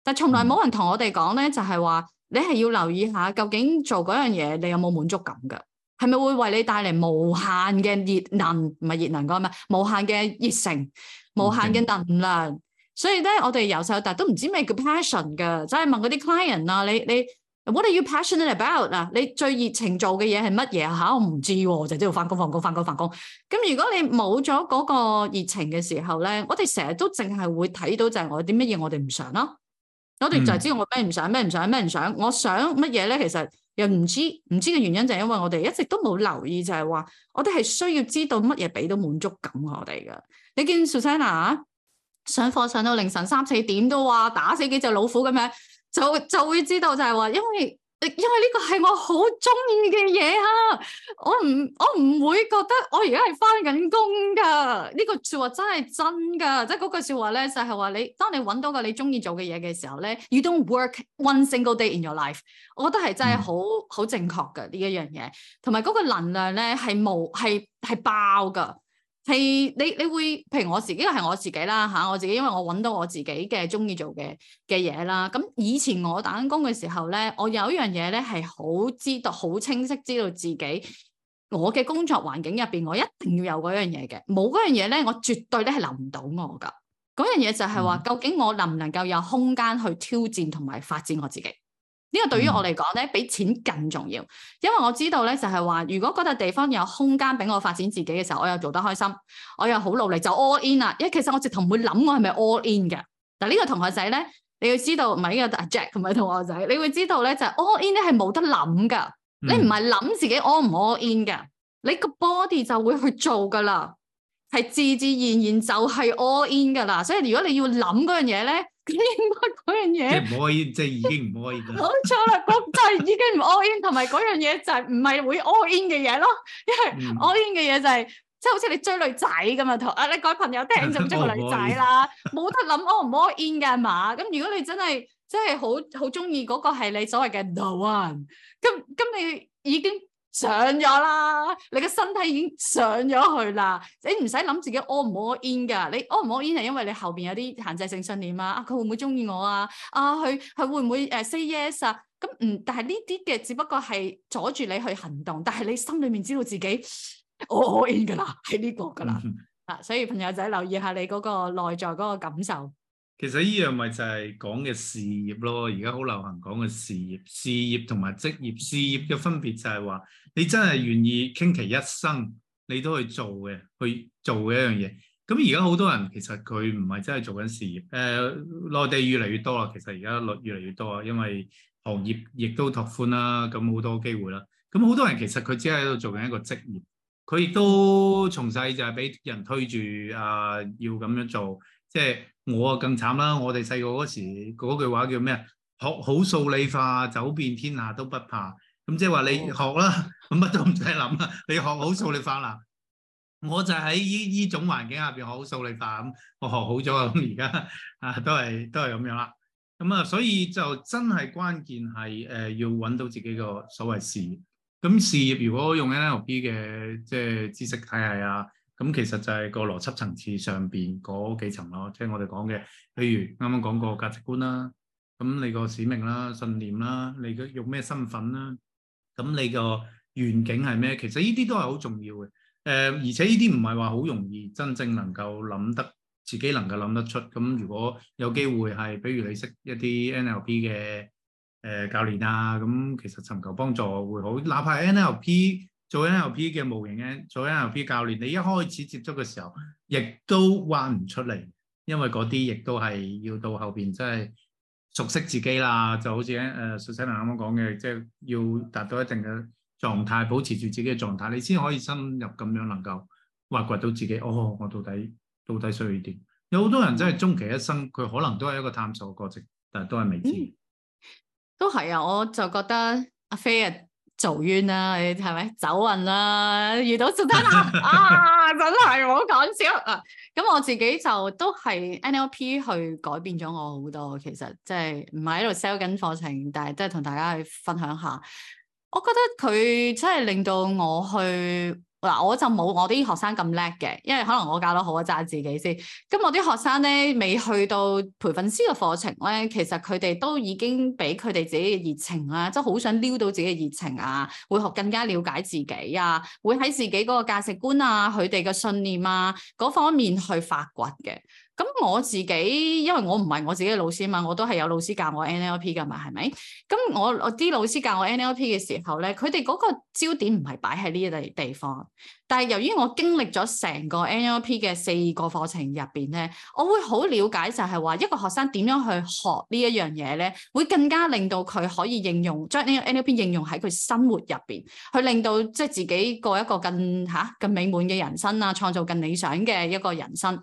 但係從來冇人同我哋講咧，就係話你係要留意下究竟做嗰樣嘢，你有冇滿足感㗎？係咪會為你帶嚟無限嘅熱能？唔係熱能㗎，係咪？無限嘅熱誠，無限嘅能量。Okay. 所以咧，我哋由細到大都唔知咩叫 passion 噶，就係、是、問嗰啲 client 啊，你你 what are you passionate about 啊？你最熱情做嘅嘢係乜嘢吓？我唔知、啊，就係知道翻工、放工、翻工、放工。咁如果你冇咗嗰個熱情嘅時候咧，我哋成日都淨係會睇到就係我啲乜嘢我哋唔想咯、啊，我哋就係知道我咩唔想，咩唔想，咩唔想，咩唔想。我想乜嘢咧？其實又唔知，唔知嘅原因就係因為我哋一直都冇留意，就係話我哋係需要知道乜嘢俾到滿足感我哋噶。你見 Susanna？上課上到凌晨三四點都話打死幾隻老虎咁樣，就就會知道就係話，因為因為呢個係我好中意嘅嘢啊！我唔我唔會覺得我而家係返緊工噶，呢、這個說話真係真噶，即係嗰句說話咧就係、是、話你當你揾到個你中意做嘅嘢嘅時候咧，You don't work one single day in your life，我覺得係真係好好、嗯、正確噶呢一樣嘢，同埋嗰個能量咧係冇，係係爆噶。係你你會，譬如我自己係我自己啦吓，我自己因為我搵到我自己嘅中意做嘅嘅嘢啦。咁以前我打緊工嘅時候咧，我有一樣嘢咧係好知道好清晰知道自己我嘅工作環境入邊，我一定要有嗰樣嘢嘅，冇嗰樣嘢咧，我絕對咧係留唔到我㗎。嗰樣嘢就係話，究竟我能唔能夠有空間去挑戰同埋發展我自己？嗯呢個對於我嚟講咧，比錢更重要，因為我知道咧，就係話，如果嗰笪地方有空間俾我發展自己嘅時候，我又做得開心，我又好努力，就 all in 啦。因為其實我直頭唔會諗我係咪 all in 嘅。嗱，呢個同學仔咧，你要知道，唔係呢個阿 Jack 同埋同學仔，你會知道咧，就係 all in 咧係冇得諗噶，你唔係諗自己 all 唔 all in 嘅，你個 body 就會去做㗎啦，係自自然然就係 all in 㗎啦。所以如果你要諗嗰樣嘢咧，應該嗰樣嘢即係唔 all in，即係已經唔 all in 噶。冇錯啦，嗰係已經唔 all in，同埋嗰樣嘢就係唔係會 all in 嘅嘢咯。因為 all in 嘅嘢就係、即係、 即係好似你追女仔咁啊，同啊你個朋友聽就唔追個女仔啦，冇 得諗 all 唔 all in 噶嘛。咁如果你真係真係好好中意嗰個係你所謂嘅 the one，咁咁你已經。上咗啦，你嘅身體已經上咗去啦，你唔使諗自己 all 唔 all in 噶，你 all 唔 all in 係因為你後邊有啲限制性信念啊，啊佢會唔會中意我啊，啊佢佢會唔會誒 say yes 啊，咁、嗯、唔，但係呢啲嘅只不過係阻住你去行動，但係你心裏面知道自己 all in 噶啦，係呢個噶啦，嗯、啊，所以朋友仔留意下你嗰個內在嗰個感受。其實呢樣咪就係講嘅事業咯，而家好流行講嘅事業、事業同埋職業、事業嘅分別就係話，你真係願意傾其一生，你都去做嘅，去做嘅一樣嘢。咁而家好多人其實佢唔係真係做緊事業，誒、呃，內地越嚟越多啦，其實而家越嚟越多啦，因為行業亦都拓寬啦，咁好多機會啦。咁好多人其實佢只係喺度做緊一個職業，佢亦都從細就係俾人推住啊，要咁樣做，即係。我啊，更慘啦！我哋細個嗰時嗰句話叫咩啊？學好數理化，走遍天下都不怕。咁即係話你學啦，咁乜、哦、都唔使諗啦。你學好數理化啦，我就喺依依種環境下邊學好數理化咁，我學好咗啊！咁而家啊都係都係咁樣啦。咁啊，所以就真係關鍵係誒、呃，要搵到自己個所謂事業。咁事業如果用 N、L、呃、P 嘅即係知識體系啊？咁其實就係個邏輯層次上邊嗰幾層咯，即係我哋講嘅，譬如啱啱講過個價值觀啦，咁你個使命啦、信念啦、你嘅用咩身份啦，咁你個願景係咩？其實呢啲都係好重要嘅，誒、呃，而且呢啲唔係話好容易真正能夠諗得，自己能夠諗得出。咁如果有機會係，比如你識一啲 NLP 嘅誒、呃、教練啊，咁其實尋求幫助會好，哪怕 NLP。做 NLP 嘅模型咧，做 NLP 教練，你一開始接觸嘅時候，亦都挖唔出嚟，因為嗰啲亦都係要到後邊真係熟悉自己啦，就好似誒，Susanna 啱啱講嘅，即係、就是、要達到一定嘅狀態，保持住自己嘅狀態，你先可以深入咁樣能夠挖掘到自己。哦，我到底到底需要點？有好多人真係終其一生，佢可能都係一個探索過程，但係都係未知、嗯。都係啊！我就覺得阿 Faye 啊。做冤啦，你係咪走運啦？遇到小丹 啊，啊，真係唔好講笑啊！咁我自己就都係 NLP 去改變咗我好多，其實即係唔係喺度 sell 緊課程，但係都係同大家去分享下。我覺得佢真係令到我去。嗱，我就冇我啲學生咁叻嘅，因為可能我教得好啊，我揸自己先。咁我啲學生咧，未去到培訓師嘅課程咧，其實佢哋都已經俾佢哋自己嘅熱情啊，即係好想撩到自己嘅熱情啊，會學更加了解自己啊，會喺自己嗰個價值觀啊、佢哋嘅信念啊嗰方面去發掘嘅。咁我自己，因為我唔係我自己嘅老師嘛，我都係有老師教我 NLP 㗎嘛，係咪？咁我我啲老師教我 NLP 嘅時候咧，佢哋嗰個焦點唔係擺喺呢個地方。但係由於我經歷咗成個 NLP 嘅四個課程入邊咧，我會好了解就係話一個學生點樣去學呢一樣嘢咧，會更加令到佢可以應用將呢個 NLP 應用喺佢生活入邊，去令到即係、就是、自己過一個更嚇、啊、更美滿嘅人生啊，創造更理想嘅一個人生。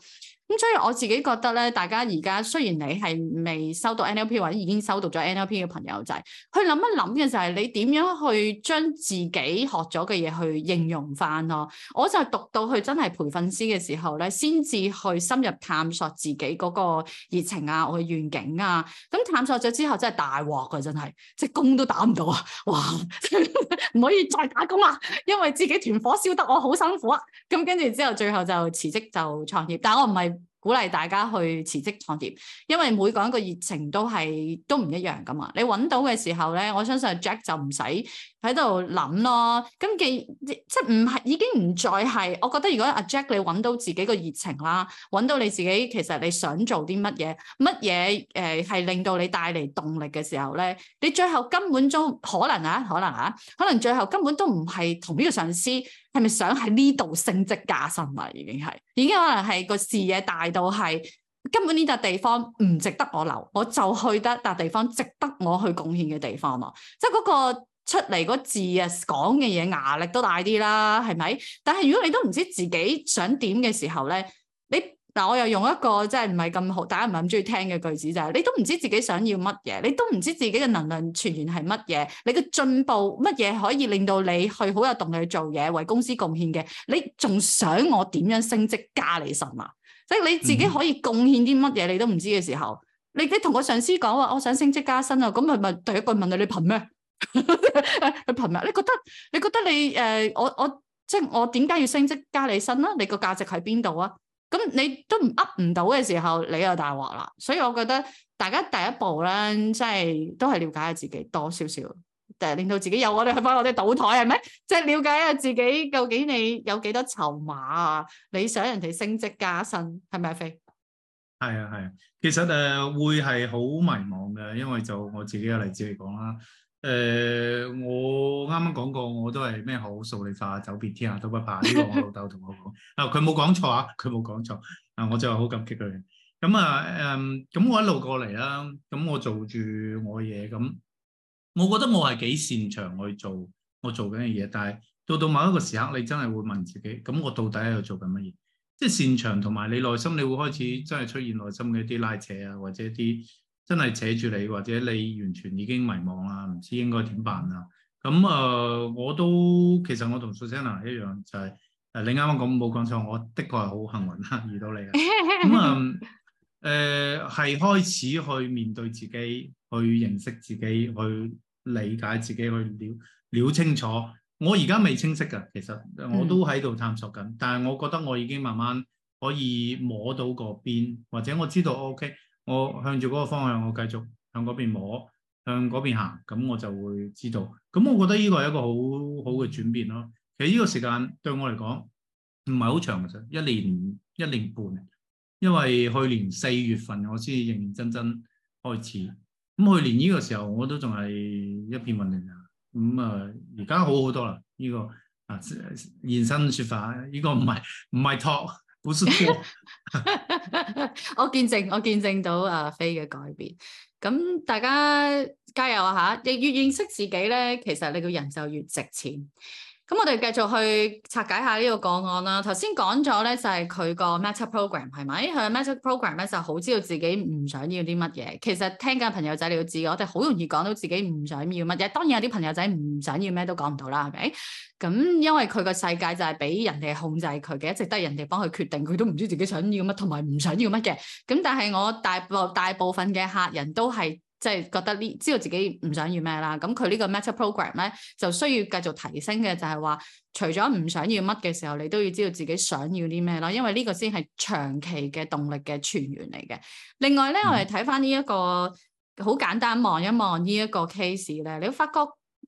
咁所以我自己覺得咧，大家而家雖然你係未收讀 NLP 或者已經收讀咗 NLP 嘅朋友仔，就是、去諗一諗嘅就係你點樣去將自己學咗嘅嘢去應用翻咯。我就係讀到去真係培訓師嘅時候咧，先至去深入探索自己嗰個熱情啊，我嘅願景啊。咁探索咗之後真係大鑊嘅、啊，真係即係工都打唔到啊！哇，唔 可以再打工啊，因為自己團火燒得我好辛苦啊。咁跟住之後最後就辭職就創業，但係我唔係鼓勵大家去辭職創業，因為每一個人個熱情都係都唔一樣㗎嘛。你揾到嘅時候咧，我相信 Jack 就唔使。喺度諗咯，咁既即係唔係已經唔再係？我覺得如果阿 Jack 你揾到自己個熱情啦，揾到你自己其實你想做啲乜嘢，乜嘢誒係令到你帶嚟動力嘅時候咧，你最後根本都可能啊，可能啊，可能最後根本都唔係同呢個上司係咪想喺呢度升職加薪啊？已經係已經可能係個視野大到係根本呢笪地方唔值得我留，我就去得笪地方值得我去貢獻嘅地方咯，即係、那、嗰個。出嚟嗰字啊，講嘅嘢壓力都大啲啦，係咪？但係如果你都唔知自己想點嘅時候咧，你嗱我又用一個真係唔係咁好，大家唔係咁中意聽嘅句子就係、是、你都唔知自己想要乜嘢，你都唔知自己嘅能量來源係乜嘢，你嘅進步乜嘢可以令到你去好有動力去做嘢，為公司貢獻嘅，你仲想我點樣升職加你神啊？即係、嗯、哼你自己可以貢獻啲乜嘢，你都唔知嘅時候，你你同個上司講話我想升職加薪啊，咁係咪第一個問你你憑咩？你憑咩？你覺得你覺得你誒，我我即係我點解要升職加你薪啦？你個價值喺邊度啊？咁你都唔噏唔到嘅時候，你又大鑊啦。所以我覺得大家第一步咧，即係都係了解下自己多少少，誒，令到自己有我哋去翻我哋賭台係咩？即係了解下自己究竟你有幾多籌碼啊？你想人哋升職加薪係咪啊？飛係啊係，其實誒會係好迷茫嘅，因為就我自己嘅例子嚟講啦。誒、呃，我啱啱講過，我都係咩好數理化走遍，走遍天下都不怕。呢、這個我老豆同我講、 啊，啊，佢冇講錯啊，佢冇講錯啊，我就好感激佢。咁、嗯、啊，誒、嗯，咁、嗯嗯嗯、我一路過嚟啦，咁、嗯、我做住我嘢，咁、嗯、我覺得我係幾擅長去做我做緊嘅嘢。但係到到某一個時刻，你真係會問自己，咁、嗯、我到底喺度做緊乜嘢？即係擅長同埋你內心，你會開始真係出現內心嘅一啲拉扯啊，或者一啲。真係扯住你，或者你完全已經迷茫啦，唔知應該點辦啦。咁啊、呃，我都其實我同 Susanna 一樣，就係、是、誒你啱啱講冇講錯，我的確係好幸運啦，遇到你啊。咁啊誒，係、呃呃、開始去面對自己，去認識自己，去理解自己，去了了清楚。我而家未清晰噶，其實我都喺度探索緊，嗯、但係我覺得我已經慢慢可以摸到個邊，或者我知道、嗯、OK。我向住嗰個方向，我繼續向嗰邊摸，向嗰邊行，咁我就會知道。咁我覺得呢個係一個好好嘅轉變咯。其實呢個時間對我嚟講唔係好長嘅啫，一年一年半。因為去年四月份我先認認真真開始，咁去年呢個時候我都仲係一片混亂啊。咁、這個、啊，而家好好多啦。呢個啊，現身說法，呢、這個唔係唔係託。唔係， 我見證，我見證到阿 Faye 嘅改變。咁大家加油啊！吓，越認識自己咧，其實你個人就越值錢。咁我哋繼續去拆解下呢個個案啦。頭先講咗咧，就係佢個 Meta Program 係咪？佢 Meta Program 咧就好知道自己唔想要啲乜嘢。其實聽緊朋友仔你要知，我哋好容易講到自己唔想要乜嘢。當然有啲朋友仔唔想要咩都講唔到啦，係咪？咁因為佢個世界就係俾人哋控制佢嘅，一直得人哋幫佢決定，佢都唔知自己想要乜，同埋唔想要乜嘅。咁但係我大部大部分嘅客人都係。即係覺得呢，知道自己唔想要咩啦，咁佢呢個 meta program 咧就需要繼續提升嘅就係、是、話，除咗唔想要乜嘅時候，你都要知道自己想要啲咩咯，因為呢個先係長期嘅動力嘅泉源嚟嘅。另外咧，我哋睇翻呢一個好、嗯、簡單，望一望呢一個 case 咧，你會發覺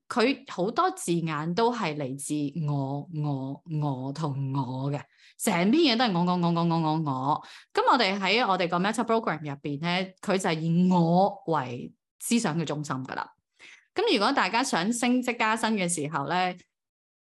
佢好多字眼都係嚟自我、我、我同我嘅。成篇嘢都係我我我我我我我，咁我哋喺我哋個 Meta Program 入邊咧，佢就係以我為思想嘅中心噶啦。咁如果大家想升職加薪嘅時候咧，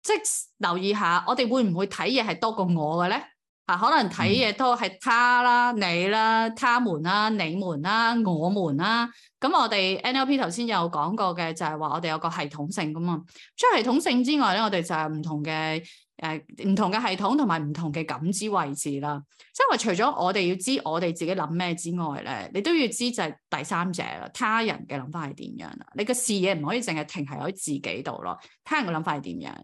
即係留意下，我哋會唔會睇嘢係多過我嘅咧？啊，可能睇嘢都係他啦、你啦、佢哋啦、你哋啦、我哋啦。咁我哋 NLP 頭先有講過嘅就係話，我哋有個系統性噶嘛。除咗系統性之外咧，我哋就係唔同嘅。誒唔同嘅系統同埋唔同嘅感知位置啦，即係話除咗我哋要知我哋自己諗咩之外咧，你都要知就係第三者咯，他人嘅諗法係點樣啦？你嘅視野唔可以淨係停係喺自己度咯，他人嘅諗法係點樣？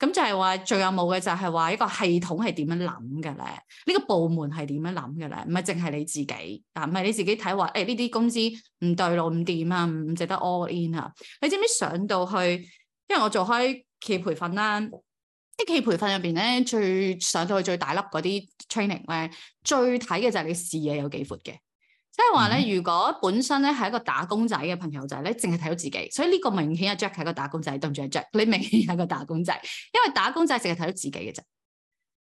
咁就係話仲有冇嘅就係話一個系統係點樣諗嘅咧？呢個部門係點樣諗嘅咧？唔係淨係你自己啊，唔係你自己睇話誒呢啲工資唔對路唔掂啊，唔值得 all in 啊！你知唔知上到去？因為我做開企培訓啦。啲企培訓入邊咧，最上到去最大粒嗰啲 training 咧，最睇嘅就係你視野有幾闊嘅。即係話咧，嗯、如果本身咧係一個打工仔嘅朋友仔咧，你淨係睇到自己，所以呢個明顯阿 Jack 係個打工仔，對唔住阿 Jack，你明顯係個打工仔，因為打工仔淨係睇到自己嘅啫。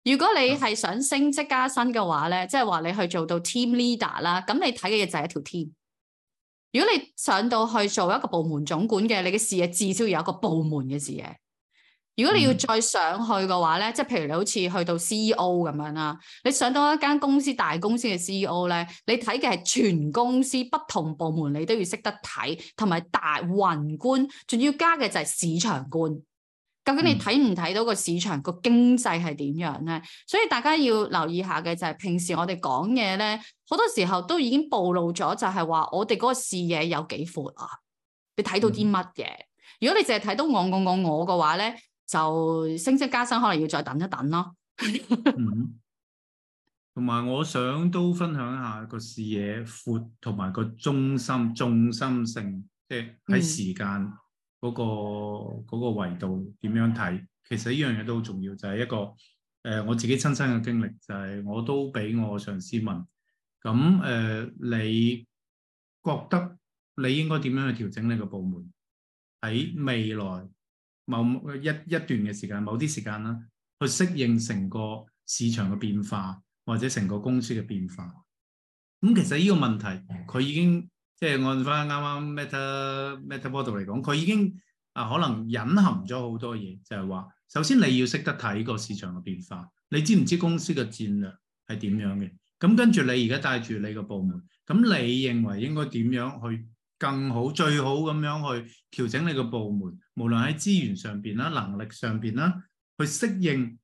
如果你係想升職加薪嘅話咧，即係話你去做到 team leader 啦，咁你睇嘅嘢就係一條 team。如果你上到去做一個部門總管嘅，你嘅視野至少要有一個部門嘅視野。如果你要再上去嘅話咧，即係、嗯、譬如你好似去到 CEO 咁樣啦，你上到一間公司大公司嘅 CEO 咧，你睇嘅係全公司不同部門，你都要識得睇，同埋大宏觀，仲要加嘅就係市場觀。究竟你睇唔睇到個市場個經濟係點樣咧？嗯、所以大家要留意下嘅就係，平時我哋講嘢咧，好多時候都已經暴露咗，就係話我哋嗰個視野有幾闊啊？你睇到啲乜嘢？嗯、如果你淨係睇到我我我我嘅話咧，就升職加薪，可能要再等一等咯。 嗯，同埋我想都分享一下個視野闊，同埋個中心重心性，即係喺時間嗰、嗰個嗰、嗯嗰個維、嗰個、度點樣睇。其實呢樣嘢都好重要，就係、是、一個誒、呃，我自己親身嘅經歷就係、是，我都俾我上司問，咁誒、呃，你覺得你應該點樣去調整你個部門喺未來？某一一段嘅時間，某啲時間啦，去適應成個市場嘅變化，或者成個公司嘅變化。咁、嗯、其實呢個問題，佢已經即係按翻啱啱 Meta Meta Model 嚟講，佢已經啊可能隱含咗好多嘢，就係、是、話，首先你要識得睇個市場嘅變化，你知唔知公司嘅戰略係點樣嘅？咁跟住你而家帶住你個部門，咁你認為應該點樣去？更好最好咁樣去調整你個部門，無論喺資源上邊啦、能力上邊啦，去適應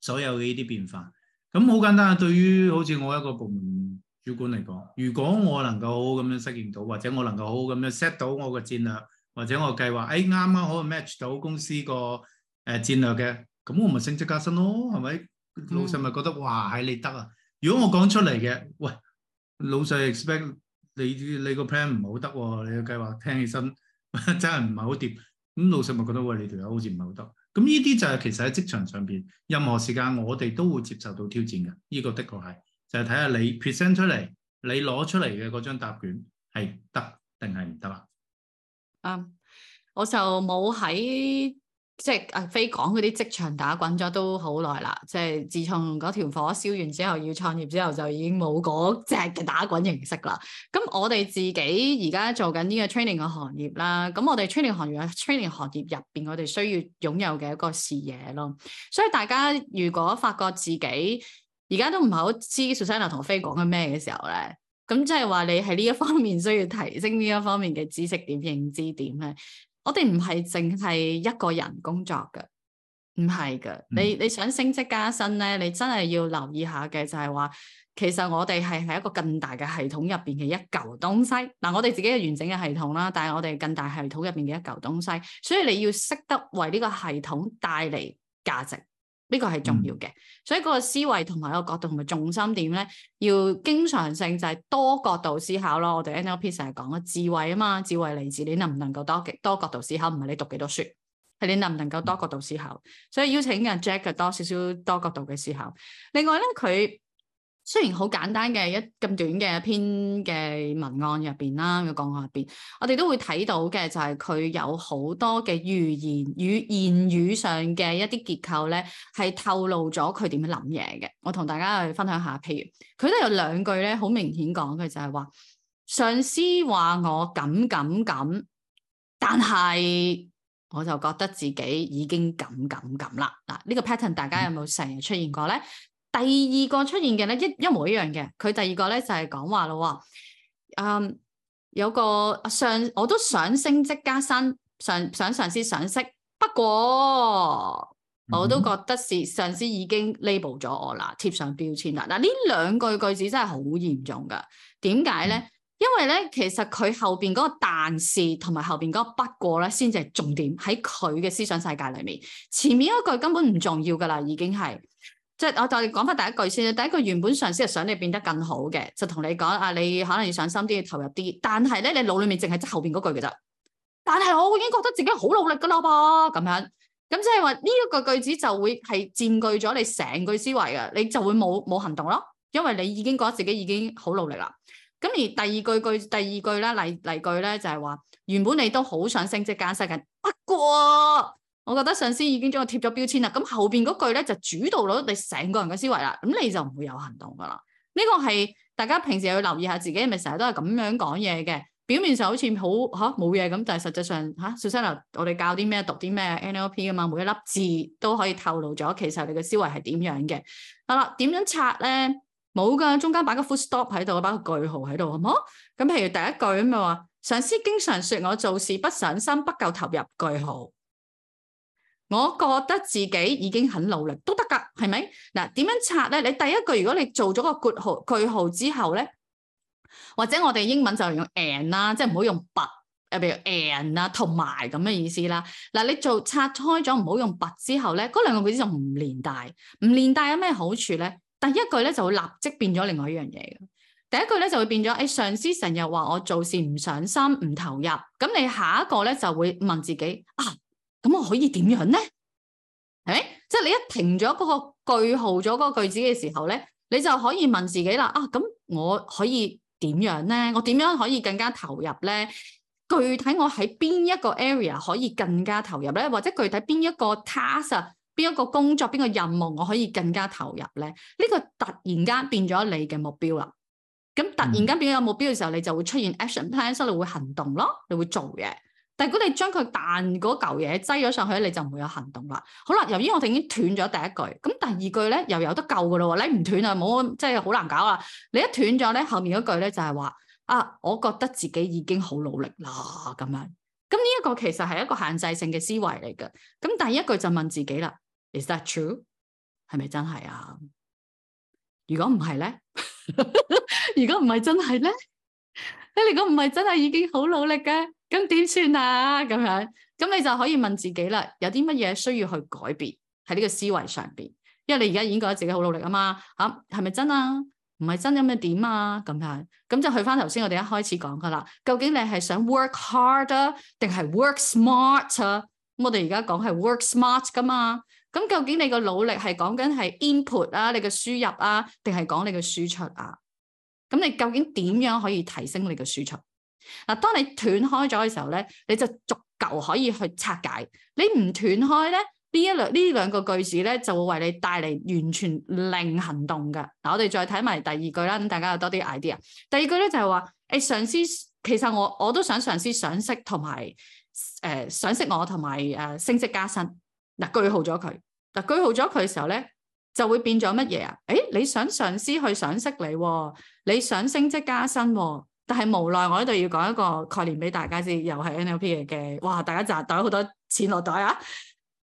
所有嘅呢啲變化。咁好簡單啊！對於好似我一個部門主管嚟講，如果我能夠好好咁樣適應到，或者我能夠好好咁樣 set 到我個戰略，或者我個計劃，哎啱啱好 match 到公司個誒、呃、戰略嘅，咁我咪升職加薪咯，係咪？嗯、老細咪覺得哇，喺你得啊！如果我講出嚟嘅，喂，老細 expect。你你個 plan 唔好得喎，你嘅計劃聽起身真係唔係好掂。咁老實咪覺得喂，你條友好似唔係好得。咁呢啲就係其實喺職場上邊，任何時間我哋都會接受到挑戰嘅。呢、這個的確係就係睇下你 present 出嚟，你攞出嚟嘅嗰張答卷係得定係唔得啦。啱、啊，um, 我就冇喺。即係阿飛講嗰啲職場打滾咗都好耐啦，即係自從嗰條火燒完之後，要創業之後就已經冇嗰隻嘅打滾形式啦。咁我哋自己而家做緊呢個 training 嘅行業啦，咁我哋 training 行業喺 training 行業入邊，我哋需要擁有嘅一個視野咯。所以大家如果發覺自己而家都唔係好知 Susanna 同飛講緊咩嘅時候咧，咁即係話你喺呢一方面需要提升呢一方面嘅知識點、認知點咧。我哋唔係淨係一個人工作㗎，唔係噶。你你想升職加薪咧，你真係要留意下嘅，就係話，其實我哋係喺一個更大嘅系統入邊嘅一嚿東西。嗱，我哋自己嘅完整嘅系統啦，但係我哋更大系統入邊嘅一嚿東西，所以你要識得為呢個系統帶嚟價值。呢個係重要嘅，所以個思維同埋個角度同埋重心點咧，要經常性就係多角度思考咯。我哋 NLP 成日講嘅智慧啊嘛，智慧嚟自你能唔能夠多多角度思考，唔係你讀幾多書，係你能唔能夠多角度思考。所以邀請阿 Jack 多少少多角度嘅思考。另外咧，佢。雖然好簡單嘅一咁短嘅一篇嘅文案入邊啦，個講話入邊，我哋都會睇到嘅就係佢有好多嘅語言與言語上嘅一啲結構咧，係透露咗佢點樣諗嘢嘅。我同大家去分享下，譬如佢都有兩句咧，好明顯講嘅就係、是、話，上司話我咁咁咁，但係我就覺得自己已經咁咁咁啦。嗱，呢、這個 pattern 大家有冇成日出現過咧？嗯第二個出現嘅咧一一模一樣嘅，佢第二個咧就係、是、講話咯，嗯，有個上我都想升職加薪，上想上，上司賞識，不過我都覺得是上司已經 label 咗我啦，貼上標籤啦。嗱，呢兩句句子真係好嚴重噶，點解咧？因為咧，其實佢後邊嗰個但是同埋後邊嗰個不過咧，先至係重點喺佢嘅思想世界裏面，前面嗰句根本唔重要噶啦，已經係。即係我再講翻第一句先，第一句原本上司係想你變得更好嘅，就同你講啊，你可能要上心啲，要投入啲。但係咧，你腦裡面淨係即係後邊嗰句嘅咋。但係我已經覺得自己好努力噶啦噃，咁樣咁即係話呢一個句，句子就會係佔據咗你成句思維嘅，你就會冇冇行動咯，因為你已經覺得自己已經好努力啦。咁而第二句句第二句咧例例句咧就係、是、話，原本你都好想升職加薪嘅，不過。我覺得上司已經將我貼咗標籤啦，咁後邊嗰句咧就主導到你成個人嘅思維啦，咁你就唔會有行動噶啦。呢個係大家平時要留意下自己係咪成日都係咁樣講嘢嘅，表面上好似好吓，冇嘢咁，但係實際上吓，小心啊我哋教啲咩讀啲咩 NLP 噶嘛，每一粒字都可以透露咗其實你嘅思維係點樣嘅。好啦，點樣拆咧？冇噶，中間擺個 full stop 喺度，擺個句號喺度，好冇。咁譬如第一句咁咪話，上司經常說我做事不上心、不夠投入。句號。我覺得自己已經很努力，都得噶，係咪？嗱，點樣拆咧？你第一句如果你做咗個括號句號之後咧，或者我哋英文就用 and 啦，即係唔好用 but，誒，譬如 and 啦，同埋咁嘅意思啦。嗱，你做拆開咗，唔好用 but 之後咧，嗰兩個句子就唔連帶，唔連帶有咩好處咧？第一句咧就會立即變咗另外一樣嘢嘅。第一句咧就會變咗，誒、欸、上司成日話我做事唔上心、唔投入，咁你下一個咧就會問自己啊。咁我可以點樣呢？係咪？即係你一停咗嗰個句號，咗嗰個句子嘅時候咧，你就可以問自己啦。啊，咁我可以點樣呢？我點樣可以更加投入呢？具體我喺邊一個 area 可以更加投入呢？或者具體邊一個 task、邊一個工作、邊個任務我可以更加投入呢？呢個突然間變咗你嘅目標啦。咁突然間變咗目標嘅時候，嗯、你就會出現 action plan，所以你會行動咯，你會做嘅。但如果你將佢彈嗰嚿嘢擠咗上去，你就唔會有行動啦。好啦，由於我哋已經斷咗第一句，咁第二句咧又有得救噶咯喎，你唔斷啊，冇，即係好難搞啦。你一斷咗咧，後面嗰句咧就係話啊，我覺得自己已經好努力啦咁樣。咁呢一個其實係一個限制性嘅思維嚟嘅。咁第一句就問自己啦，Is that true？係咪真係啊？如果唔係咧， 如果唔係真係咧， 你如果唔係真係已經好努力嘅。咁點算啊？咁樣，咁你就可以問自己啦，有啲乜嘢需要去改變喺呢個思維上邊？因為你而家已經覺得自己好努力啊嘛，吓係咪真啊？唔係真咁咩點啊？咁樣，樣，咁就去翻頭先我哋一開始講噶啦，究竟你係想 work harder 定係 work smart 啊？我哋而家講係 work smart 噶嘛？咁究竟你個努力係講緊係 input 啊，你個輸入啊，定係講你個輸出啊？咁你究竟點樣可以提升你個輸出？嗱，當你斷開咗嘅時候咧，你就足夠可以去拆解。你唔斷開咧，呢一兩呢兩個句子咧，就會為你帶嚟完全零行動㗎。嗱、啊，我哋再睇埋第二句啦，咁大家有多啲 idea。第二句咧就係、是、話，誒、欸，上司其實我我都想上司賞識同埋誒賞識我同埋誒升職加薪。嗱、啊，句號咗佢，嗱、啊、句號咗佢嘅時候咧，就會變咗乜嘢啊？誒、欸，你想上司去賞識你、啊，你想升職加薪、啊。但係無奈，我呢度要講一個概念俾大家知，又係 NLP 嚟嘅，哇！大家就袋好多錢落袋啊！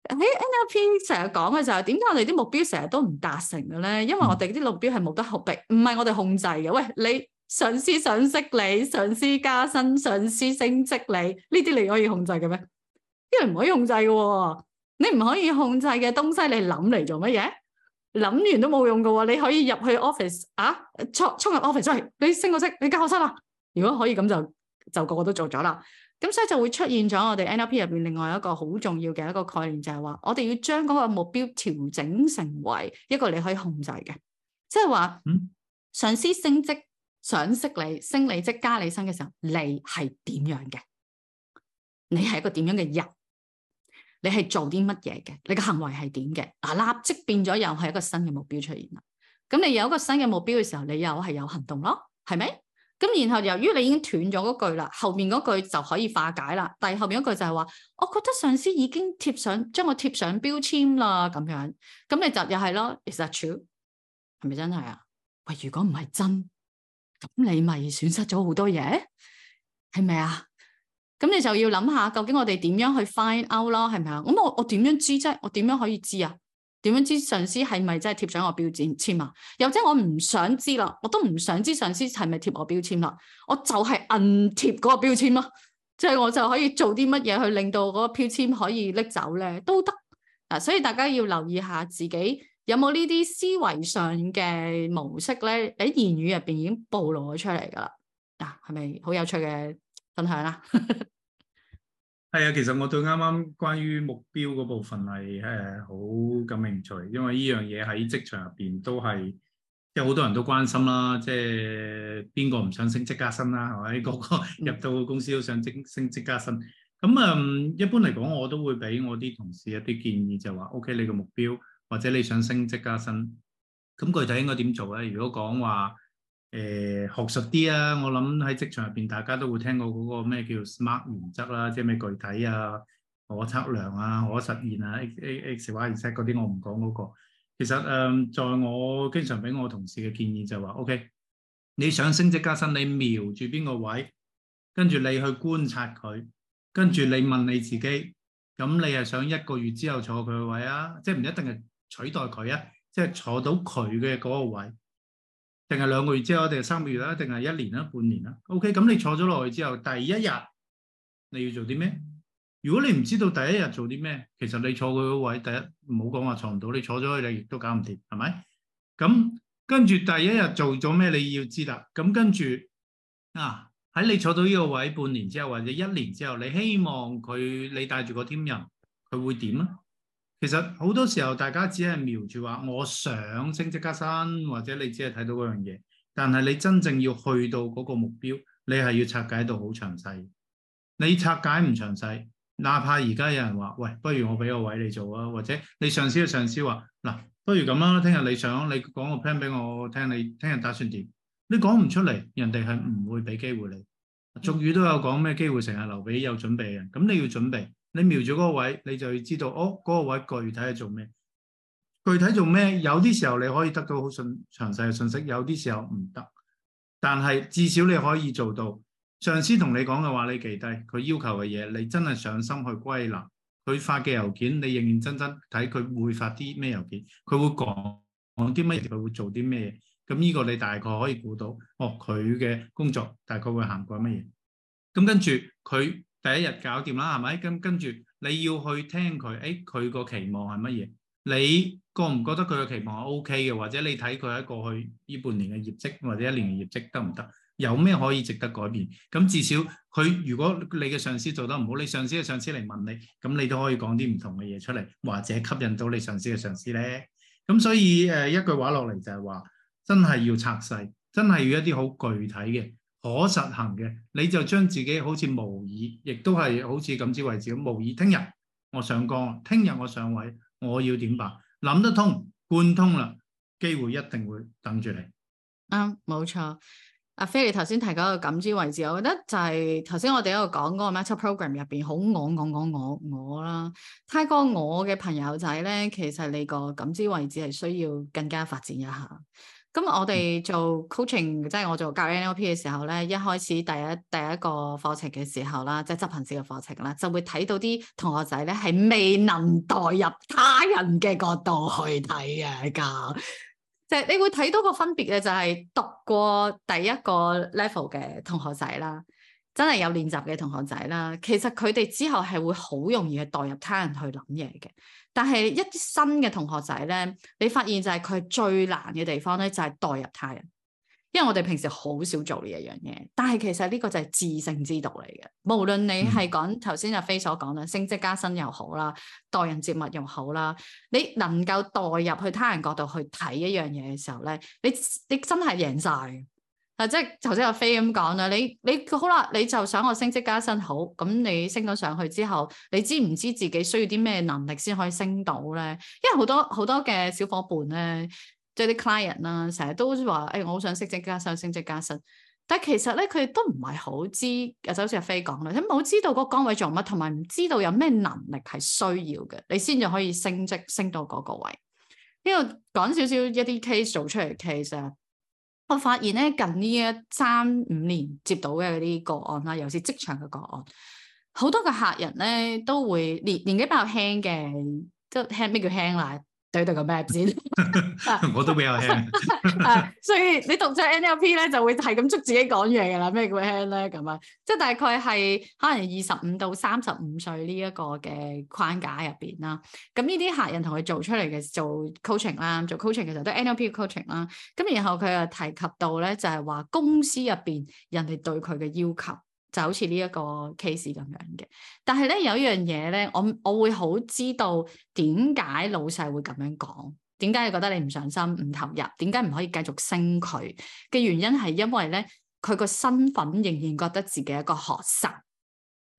喺 NLP 成日講嘅就係，點解我哋啲目標成日都唔達成嘅咧？因為我哋啲目標係冇得合併，唔係我哋控制嘅。喂，你上司想識你，上司加薪，上司升職你，呢啲你可以控制嘅咩？因為唔可以控制嘅，你唔可以控制嘅東西，你諗嚟做乜嘢？諗完都冇用嘅喎，你可以入去 office 啊，沖沖入 office 出去，你升個職，你加個薪啦。如果可以咁就就個個都做咗啦，咁所以就會出現咗我哋 NLP 入邊另外一個好重要嘅一個概念，就係話我哋要將嗰個目標調整成為一個你可以控制嘅。即係話上司升職賞識你升你職加你薪嘅時候，你係點樣嘅？你係一個點樣嘅人？你係做啲乜嘢嘅？你嘅行為係點嘅？嗱，立即變咗又係一個新嘅目標出現啦。咁你有一個新嘅目標嘅時候，你又係有行動咯，係咪？咁然後由於你已經斷咗嗰句啦，後面嗰句就可以化解啦。但係後面嗰句就係話，我覺得上司已經貼上將我貼上標籤啦咁樣。咁你就又係咯，Is that true？係咪真係啊？喂，如果唔係真，咁你咪損失咗好多嘢，係咪啊？咁你就要諗下，究竟我哋點樣去 find out 咯？係咪啊？咁我我點樣知啫？我點樣可以知啊？點樣知上司係咪真係貼上我標籤籤啊？又或者我唔想知啦，我都唔想知上司係咪貼我標籤啦、啊？我就係摁貼嗰個標籤咯、啊，即、就、係、是、我就可以做啲乜嘢去令到嗰個標籤可以拎走咧，都得啊！所以大家要留意下自己有冇呢啲思維上嘅模式咧，喺言語入邊已經暴露咗出嚟噶啦。嗱、啊，係咪好有趣嘅分享啊？ 係啊，其實我對啱啱關於目標嗰部分係誒好感興趣，因為呢樣嘢喺職場入邊都係有好多人都關心啦，即係邊個唔想升職加薪啦，係咪？個個入到公司都想升升職加薪。咁啊、嗯，一般嚟講，我都會俾我啲同事一啲建議，就話，OK，你個目標或者你想升職加薪，咁具體應該點做咧？如果講話。誒、呃，學術啲啊！我諗喺職場入邊，大家都會聽過嗰個咩叫 SMART 原則啦，啊，即係咩具體啊，可測量啊、可實現啊，X X X Y Z 嗰啲我唔講嗰，那個。其實誒、嗯，在我經常俾我同事嘅建議就係話，OK，你想升職加薪，你瞄住邊個位，跟住你去觀察佢，跟住你問你自己，咁你係想一個月之後坐佢嘅位啊？即係唔一定係取代佢啊，即係坐到佢嘅嗰個位。定係兩個月之後，定係三個月啦，定係一年啦，半年啦。OK，咁你坐咗落去之後，第一日你要做啲咩？如果你唔知道第一日做啲咩，其實你坐佢個位，第一唔好講話坐唔到，你坐咗去你亦都搞唔掂，係咪？咁跟住第一日做咗咩，你要知喇。咁跟住啊，喺你坐到呢個位半年之後，或者一年之後，你希望佢你帶住個 Team 人，佢會點啊？其實好多時候大家只係瞄住話我想升職加薪，或者你只係睇到嗰樣嘢。但係你真正要去到嗰個目標，你係要拆解到好詳細。你拆解唔詳細，哪怕而家有人話，喂，不如我俾個位你做啊，或者你上司嘅上司話，嗱，不如咁啊，聽日你想你講個 plan 俾我聽，你聽日打算點？你講唔出嚟，人哋係唔會俾機會你。俗語都有講咩？機會成日留俾有準備嘅人，咁你要準備。你瞄住嗰個位，你就要知道，哦，嗰、那個位具體係做咩？具體做咩？有啲時候你可以得到好信詳細嘅信息，有啲時候唔得。但係至少你可以做到，上司同你講嘅話，你記低佢要求嘅嘢，你真係上心去歸納。佢發嘅郵件，你認認真真睇佢會發啲咩郵件，佢會講講啲乜嘢，佢會做啲咩嘢。咁呢個你大概可以估到，哦，佢嘅工作大概會行蓋乜嘢？咁跟住佢。第一日搞掂啦，係咪？咁跟住你要去聽佢，誒，佢個期望係乜嘢？你覺唔覺得佢個期望係 OK 嘅？或者你睇佢喺過去呢半年嘅業績，或者一年嘅業績得唔得？有咩可以值得改變？咁至少佢，如果你嘅上司做得唔好，你上司嘅上司嚟問你，咁你都可以講啲唔同嘅嘢出嚟，或者吸引到你上司嘅上司咧。咁所以誒，一句話落嚟就係話，真係要拆細，真係要一啲好具體嘅。可實行嘅，你就將自己好似模擬，亦都係好似感知位置咁模擬。聽日我上崗，聽日我上位，我要點辦？諗得通，貫通啦，機會一定會等住你。嗯，冇錯。阿 Fairy 頭先提到嗰個感知位置，我覺得就係頭先我哋喺度講嗰個 Meta Program 入邊。好，我我我我我啦。太過我嘅朋友仔咧，其實你個感知位置係需要更加發展一下。咁我哋做 coaching，即係我做教 NLP 嘅時候咧，一開始第一第一個課程嘅時候啦，即係執行師嘅課程啦，就會睇到啲同學仔咧係未能代入他人嘅角度去睇嘢㗎，即係你會睇到個分別嘅就係讀過第一個 level 嘅同學仔啦，真係有練習嘅同學仔啦，其實佢哋之後係會好容易去代入他人去諗嘢嘅。但係一啲新嘅同學仔咧，你發現就係佢最難嘅地方咧，就係、是、代入他人，因為我哋平時好少做呢一樣嘢。但係其實呢個就係致勝之道嚟嘅，無論你係講頭先阿飛所講啦，升職加薪又好啦，待人接物又好啦，你能夠代入去他人角度去睇一樣嘢嘅時候咧，你你真係贏晒。嗱，即係頭先阿飛咁講啦，你你好啦，你就想我升職加薪好，咁你升咗上去之後，你知唔知自己需要啲咩能力先可以升到咧？因為好多好多嘅小伙伴咧，即係啲 client 啦，成日都話誒，我好想升職加薪，升職加薪。但係其實咧，佢哋都唔係好知，就好似阿飛講啦，你冇知道嗰個崗位做乜，同埋唔知道有咩能力係需要嘅，你先至可以升職升到嗰個位。呢個講少少一啲 case 做出嚟 case 啊。我發現咧，近呢一三五年接到嘅嗰啲個案啦，尤其是職場嘅個案，好多嘅客人咧都會年年紀比較輕嘅，即係輕咩叫輕啦？懟到個 map 先， 我都比較輕， 所以你讀咗 NLP 咧，就會係咁捉自己講嘢噶啦，咩叫輕咧咁啊？即係大概係可能二十五到三十五歲呢一個嘅框架入邊啦。咁呢啲客人同佢做出嚟嘅做、coaching、做 coaching 啦，做 coaching 其實都係 NLP coaching 啦。咁然後佢又提及到咧，就係話公司入邊人哋對佢嘅要求。就好似呢一個 case 咁樣嘅，但係咧有一樣嘢咧，我我會好知道點解老細會咁樣講，點解你覺得你唔上心、唔投入，點解唔可以繼續升佢嘅原因係因為咧佢個身份仍然覺得自己係一個學生，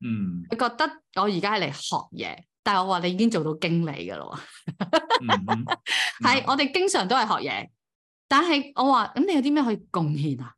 嗯，你覺得我而家係嚟學嘢，但係我話你已經做到經理㗎喇喎，係我哋經常都係學嘢，但係我話咁你有啲咩可以貢獻啊？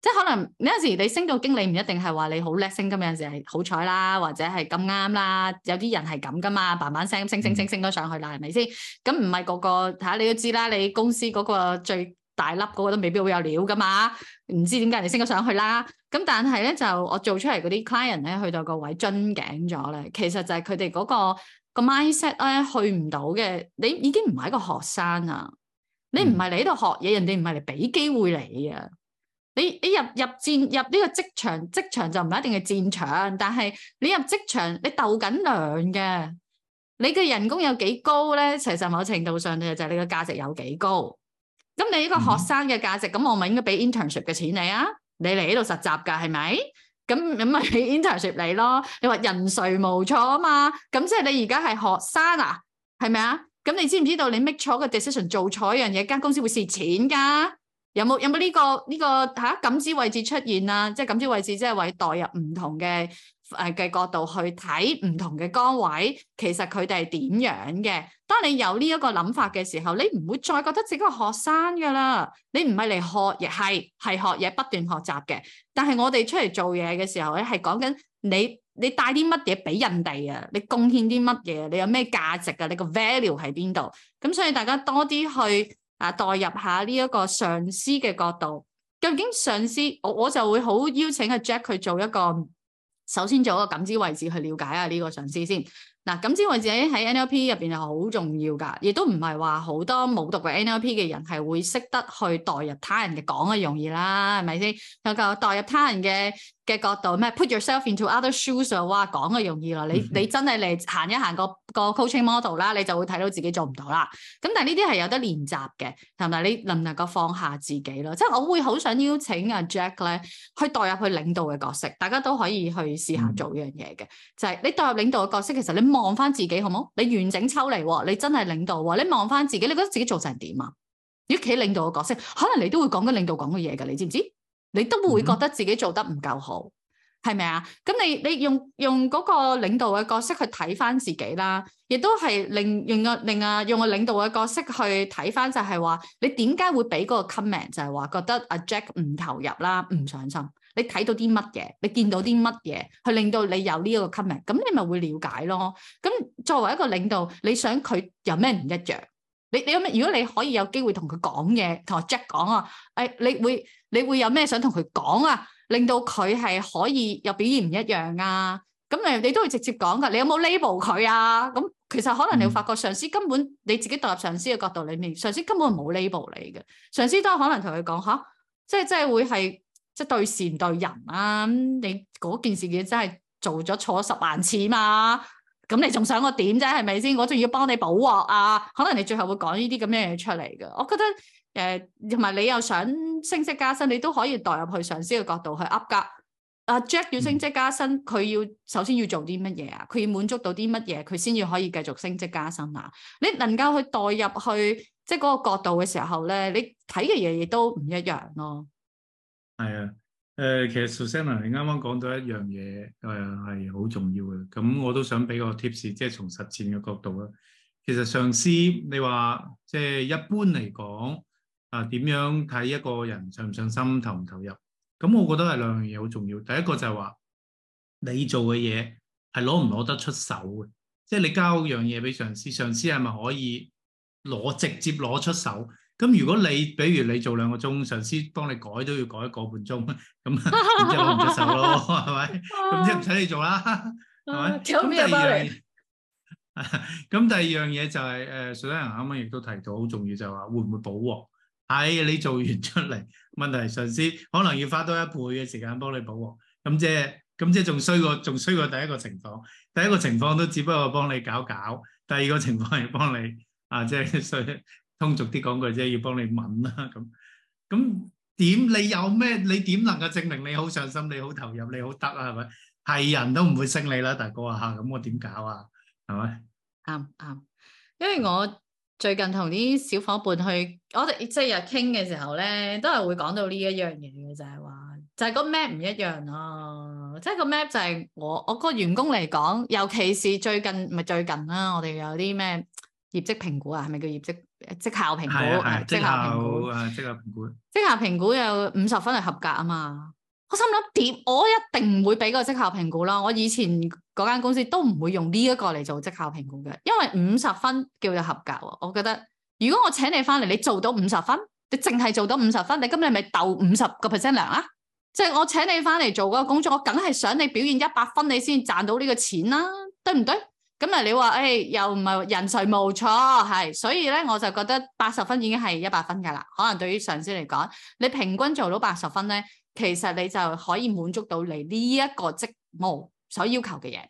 即係可能有陣時你升到經理唔一定係話你好叻升，咁有陣時係好彩啦，或者係咁啱啦，有啲人係咁噶嘛，慢慢升升升升升都上去啦，係咪先？咁唔係個個，睇下你都知啦，你公司嗰個最大粒嗰個都未必會有料噶嘛，唔知點解你升咗上去啦？咁但係咧就我做出嚟嗰啲 client 咧，去到個位樽頸咗咧，其實就係佢哋嗰個個 mindset 咧去唔到嘅，你已經唔係一個學生啊，你唔係嚟喺度學嘢，人哋唔係嚟俾機會你啊。你你入入戰入呢個職場職場就唔一定係戰場，但係你入職場，你鬥緊糧嘅，你嘅人工有幾高咧？其實某程度上你就係你嘅價值有幾高。咁你呢個學生嘅價值，咁我咪應該俾 internship 嘅錢你啊？你嚟呢度實習噶係咪？咁咁咪俾 internship 你咯？你話人誰無錯啊嘛？咁即係你而家係學生啊？係咪啊？咁你知唔知道你 make 錯個 decision 做錯一樣嘢，間公司會蝕錢噶？有冇有冇呢個呢個吓感知位置出現啊？即係感知位置，即係為代入唔同嘅誒嘅角度去睇唔同嘅崗位，其實佢哋係點樣嘅？當你有呢一個諗法嘅時候，你唔會再覺得自己係學生噶啦。你唔係嚟學嘢，係係學嘢，不斷學習嘅。但係我哋出嚟做嘢嘅時候咧，係講緊你你帶啲乜嘢俾人哋啊？你貢獻啲乜嘢？你有咩價值啊？你個 value 喺邊度？咁所以大家多啲去。啊，代入下呢一個上司嘅角度，究竟上司，我我就會好邀請阿 Jack 去做一個，首先做一個感知位置去了解下呢個上司先。嗱、啊，感知位置喺喺 NLP 入邊係好重要㗎，亦都唔係話好多冇讀過 NLP 嘅人係會識得去代入他人嘅，講嘅容易啦，係咪先？有、嗰個代入他人嘅。嘅角度咩？Put yourself into other shoes 啊！哇，講嘅容易咯，你你真係嚟行一行個個 coaching model 啦，你就會睇到自己做唔到啦。咁但係呢啲係有得練習嘅，同埋你能唔能夠放下自己咯？即係我會好想邀請阿 Jack 咧，去代入去領導嘅角色，大家都可以去試下做呢樣嘢嘅。嗯、就係你代入領導嘅角色，其實你望翻自己好冇？你完整抽離喎，你真係領導喎。你望翻自己，你覺得自己做成點啊？你企領導嘅角色，可能你都會講緊領導講嘅嘢㗎，你知唔知？你都會覺得自己做得唔夠好，係咪啊？咁你你用用嗰個領導嘅角色去睇翻自己啦，亦都係令用個令啊，令啊用個領導嘅角色去睇翻，就係話你點解會俾嗰個 comment 就係話覺得阿 Jack 唔投入啦，唔上心。你睇到啲乜嘢？你見到啲乜嘢？去令到你有呢一個 comment，咁你咪會了解咯。咁作為一個領導，你想佢有咩唔一樣？你你有咩？如果你可以有機會同佢講嘢，同阿 Jack 講啊，誒、哎，你會你會有咩想同佢講啊？令到佢係可以有表現唔一樣啊？咁誒，你都會直接講㗎。你有冇 label 佢啊？咁其實可能你會發覺上司根本你自己代入上司嘅角度裏面，上司根本冇 label 你嘅。上司都可能同佢講吓，即係即係會係即對事唔對人啊。咁你嗰件事件真係做咗錯了十萬次嘛？咁你仲想個點啫？係咪先？我仲要幫你補鑊啊！可能你最後會講呢啲咁樣嘢出嚟嘅。我覺得誒，同、呃、埋你又想升職加薪，你都可以代入去上司嘅角度去噏㗎。啊 Jack，Jack 要升職加薪，佢要首先要做啲乜嘢啊？佢要滿足到啲乜嘢，佢先要可以繼續升職加薪啊！你能夠去代入去即係嗰個角度嘅時候咧，你睇嘅嘢亦都唔一樣咯。係啊、 嗯。誒、呃，其實 Susanna 啊，你啱啱講到一樣嘢，誒係好重要嘅。咁我都想俾個 tips，即係從實踐嘅角度啊。其實上司，你話即係一般嚟講，啊、呃、點樣睇一個人上唔上心、投唔投入？咁我覺得係兩樣嘢好重要。第一個就係話，你做嘅嘢係攞唔攞得出手嘅，即係你交樣嘢俾上司，上司係咪可以攞直接攞出手？咁如果你，比如你做兩個鐘，上司幫你改都要改一個半鐘，咁咁就唔接受咯，係咪？咁即係唔使你做啦，係咪？咁第二樣嘢就係誒，Susanna 啱啱亦都提到好重要，就話會唔會補鑊？係你做完出嚟，問題上司可能要花多一倍嘅時間幫你補鑊，咁即係，咁即係仲衰過，仲衰過第一個情況。第一個情況都只不過幫你搞搞，第二個情況係幫你啊，即係衰。通俗啲講句啫，要幫你問啦咁。咁點你有咩？你點能夠證明你好上心、你好投入、你好得啊？係咪係人都唔會識你啦，大哥啊！吓咁我點搞啊？係咪？啱啱、嗯嗯，因為我最近同啲小伙伴去，我哋即係日傾嘅時候咧，都係會講到呢、就係就係、一樣嘢、啊、嘅，就係、係、話就係個 map 唔一樣咯。即係個 map 就係我我個員工嚟講，尤其是最近咪最近啦、啊，我哋有啲咩？業績評估啊，係咪叫業績績效評估？績效評估啊，績效評估。績效評估有五十分係合格啊嘛，我心諗點，我一定唔會俾個績效評估啦。我以前嗰間公司都唔會用呢一個嚟做績效評估嘅，因為五十分叫做合格。我覺得如果我請你翻嚟，你做到五十分，你淨係做到五十分，你今日係咪斗五十個 percent 糧啊？即係我請你翻嚟做嗰個工作，我梗係想你表現一百分，你先賺到呢個錢啦，對唔對？咁啊、嗯，你話誒、欸、又唔係人才無錯，人誰無錯，係，所以咧我就覺得八十分已經係一百分嘅啦。可能對於上司嚟講，你平均做到八十分咧，其實你就可以滿足到你呢一個職務所要求嘅嘢。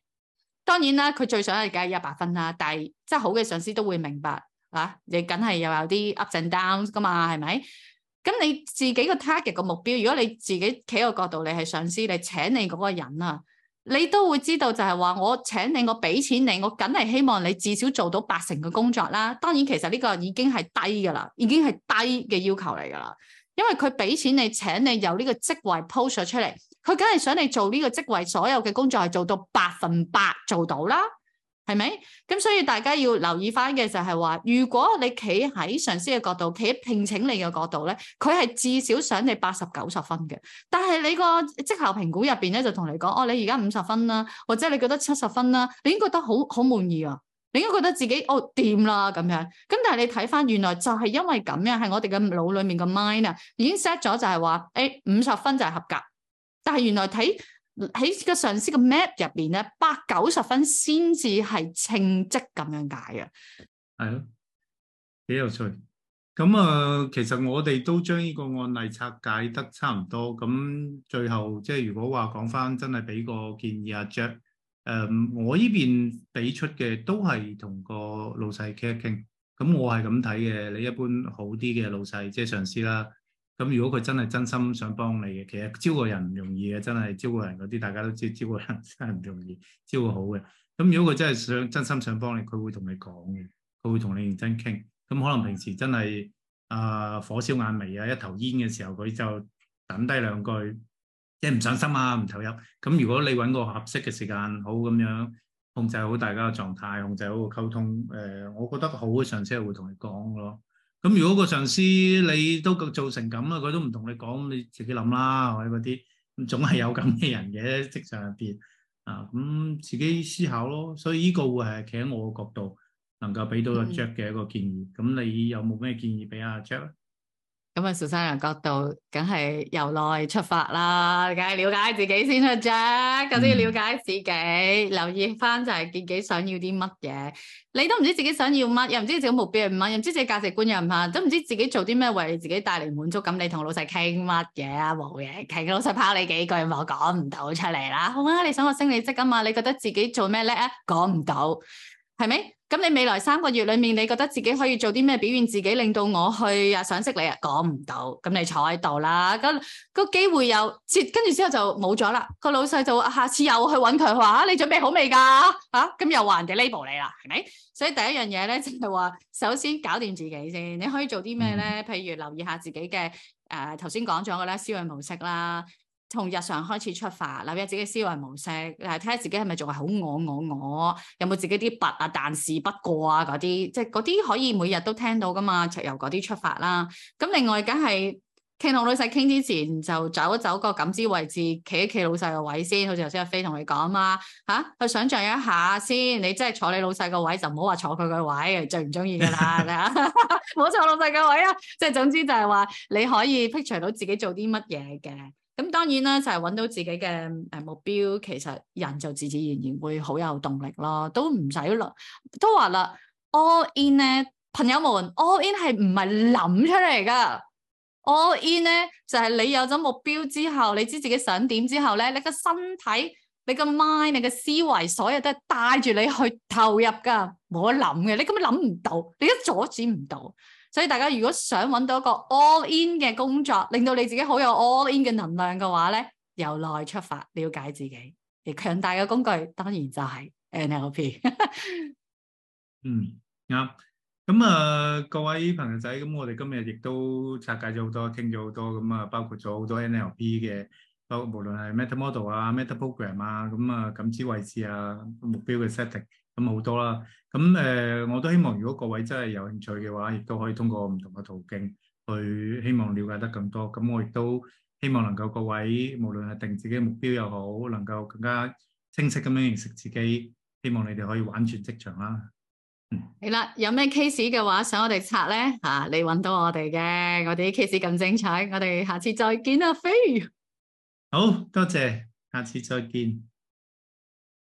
當然啦，佢最想係梗係一百分啦，但係即係好嘅上司都會明白嚇、啊，你梗係又有啲 up and down 噶嘛，係咪？咁你自己個 target 個目標，如果你自己企個角度，你係上司，你請你嗰個人啊。你都會知道，就係話我請你，我俾錢你，我梗係希望你至少做到八成嘅工作啦。當然，其實呢個已經係低㗎啦，已經係低嘅要求嚟㗎啦。因為佢俾錢你請你由呢個職位 post 咗出嚟，佢梗係想你做呢個職位所有嘅工作係做到百分百做到啦。係咪？咁所以大家要留意翻嘅就係話，如果你企喺上司嘅角度，企喺聘請你嘅角度咧，佢係至少想你八十九十分嘅。但係你個績效評估入邊咧，就同你講哦，你而家五十分啦，或者你覺得七十分啦，你已經覺得好好滿意啊，你應該覺得自己哦掂啦咁樣。咁但係你睇翻，原來就係因為咁樣，係我哋嘅腦裏面嘅 mind 啊，已經 set 咗就係話，誒五十分就係合格。但係原來睇。喺個上司嘅 map 入邊咧，八九十分先至係稱職咁樣解嘅。係咯，幾有趣。咁啊、呃，其實我哋都將呢個案例拆解得差唔多。咁最後即係如果話講翻，真係俾個建議阿 Jack，誒，我呢邊俾出嘅都係同個老細傾一傾。咁我係咁睇嘅。你一般好啲嘅老細，即係上司啦。咁如果佢真係真心想幫你嘅，其實招個人唔容易嘅，真係招個人嗰啲大家都知，招個人真係唔容易，招個好嘅。咁如果佢真係想真心想幫你，佢會同你講嘅，佢會同你認真傾。咁可能平時真係啊、呃，火燒眼眉啊，一頭煙嘅時候，佢就抌低兩句，即係唔上心啊，唔投入。咁如果你揾個合適嘅時間，好咁樣控制好大家嘅狀態，控制好個溝通，誒、呃，我覺得好嘅上司會同你講咯。咁如果個上司你都做成咁啊，佢都唔同你講，你自己諗啦，或者嗰啲咁總係有咁嘅人嘅，職場入邊啊，咁、嗯、自己思考咯。所以呢個會係企喺我個角度能夠俾到阿 Jack 嘅一個建議。咁、嗯、你有冇咩建議俾阿 Jack？咁啊，做生意角度，梗係由內出發啦，梗係了解自己先得啫，咁先了解自己，留意翻就係自己想要啲乜嘢。你都唔知自己想要乜，又唔知自己目標係乜，又唔知自己價值觀又唔係，都唔知自己做啲咩為自己帶嚟滿足。咁你同老細傾乜嘢啊？冇嘢傾，老細拋你幾句，話我講唔到出嚟啦。好啊，你想我升你職啊嘛？你覺得自己做咩叻啊？講唔到，係咪？咁你未來三個月裏面，你覺得自己可以做啲咩表現自己，令到我去啊賞識你啊？講唔到，咁你坐喺度啦。咁個機會又接跟住之後就冇咗啦。個老細就下次又去揾佢，話你準備好未㗎？嚇、啊，咁又話人哋 label 你啦，係咪？所以第一樣嘢咧就係、是、話，首先搞掂自己先。你可以做啲咩咧？嗯、譬如留意下自己嘅誒頭先講咗嘅啦，思、呃、維模式啦。從日常開始出發，留意自己嘅思維模式，嚟睇下自己係咪仲係好我我我，有冇自己啲拔啊？但事不過啊嗰啲，即係嗰啲可以每日都聽到噶嘛，就由嗰啲出發啦。咁另外，梗係傾同老細傾之前，就走一走個感知位置，企一企老細個位先。好似頭先阿飛同你講啊嘛，嚇、啊、去想像一下先。你真係坐你老細個位就唔好話坐佢個位，最唔中意噶啦。冇錯，老細個位啊。即係總之就係話，你可以 picture 到自己做啲乜嘢嘅。咁當然啦，就係揾到自己嘅誒目標，其實人就自自然然會好有動力咯，都唔使啦。都話啦，all in 咧，朋友們，all in 係唔係諗出嚟噶？all in 咧就係你有咗目標之後，你知自己想點之後咧，你個身體、你個 mind、你個思維，所有都係帶住你去投入噶，冇得諗嘅。你根本諗唔到，你都阻止唔到。所以大家如果想揾到一個 all in 嘅工作，令到你自己好有 all in 嘅能量嘅話咧，由內出發，了解自己，而強大嘅工具當然就係 NLP、 嗯。嗯，啱。咁、呃、啊，各位朋友仔，咁我哋今日亦都拆解咗好多，傾咗好多，咁啊，包括咗好多 NLP 嘅，包括無論係 Meta Model 啊、Meta Program 啊，咁啊，感知位置啊、目標嘅 setting，咁好多啦。咁誒、呃，我都希望如果各位真係有興趣嘅話，亦都可以通過唔同嘅途徑去希望了解得更多。咁我亦都希望能夠各位無論係定自己目標又好，能夠更加清晰咁樣認識自己。希望你哋可以玩轉職場啦。嗯，係啦，有咩 case 嘅話想我哋拆咧嚇、啊，你揾到我哋嘅，我哋啲 case 咁精彩，我哋下次再見啊，飛。好多謝，下次再見。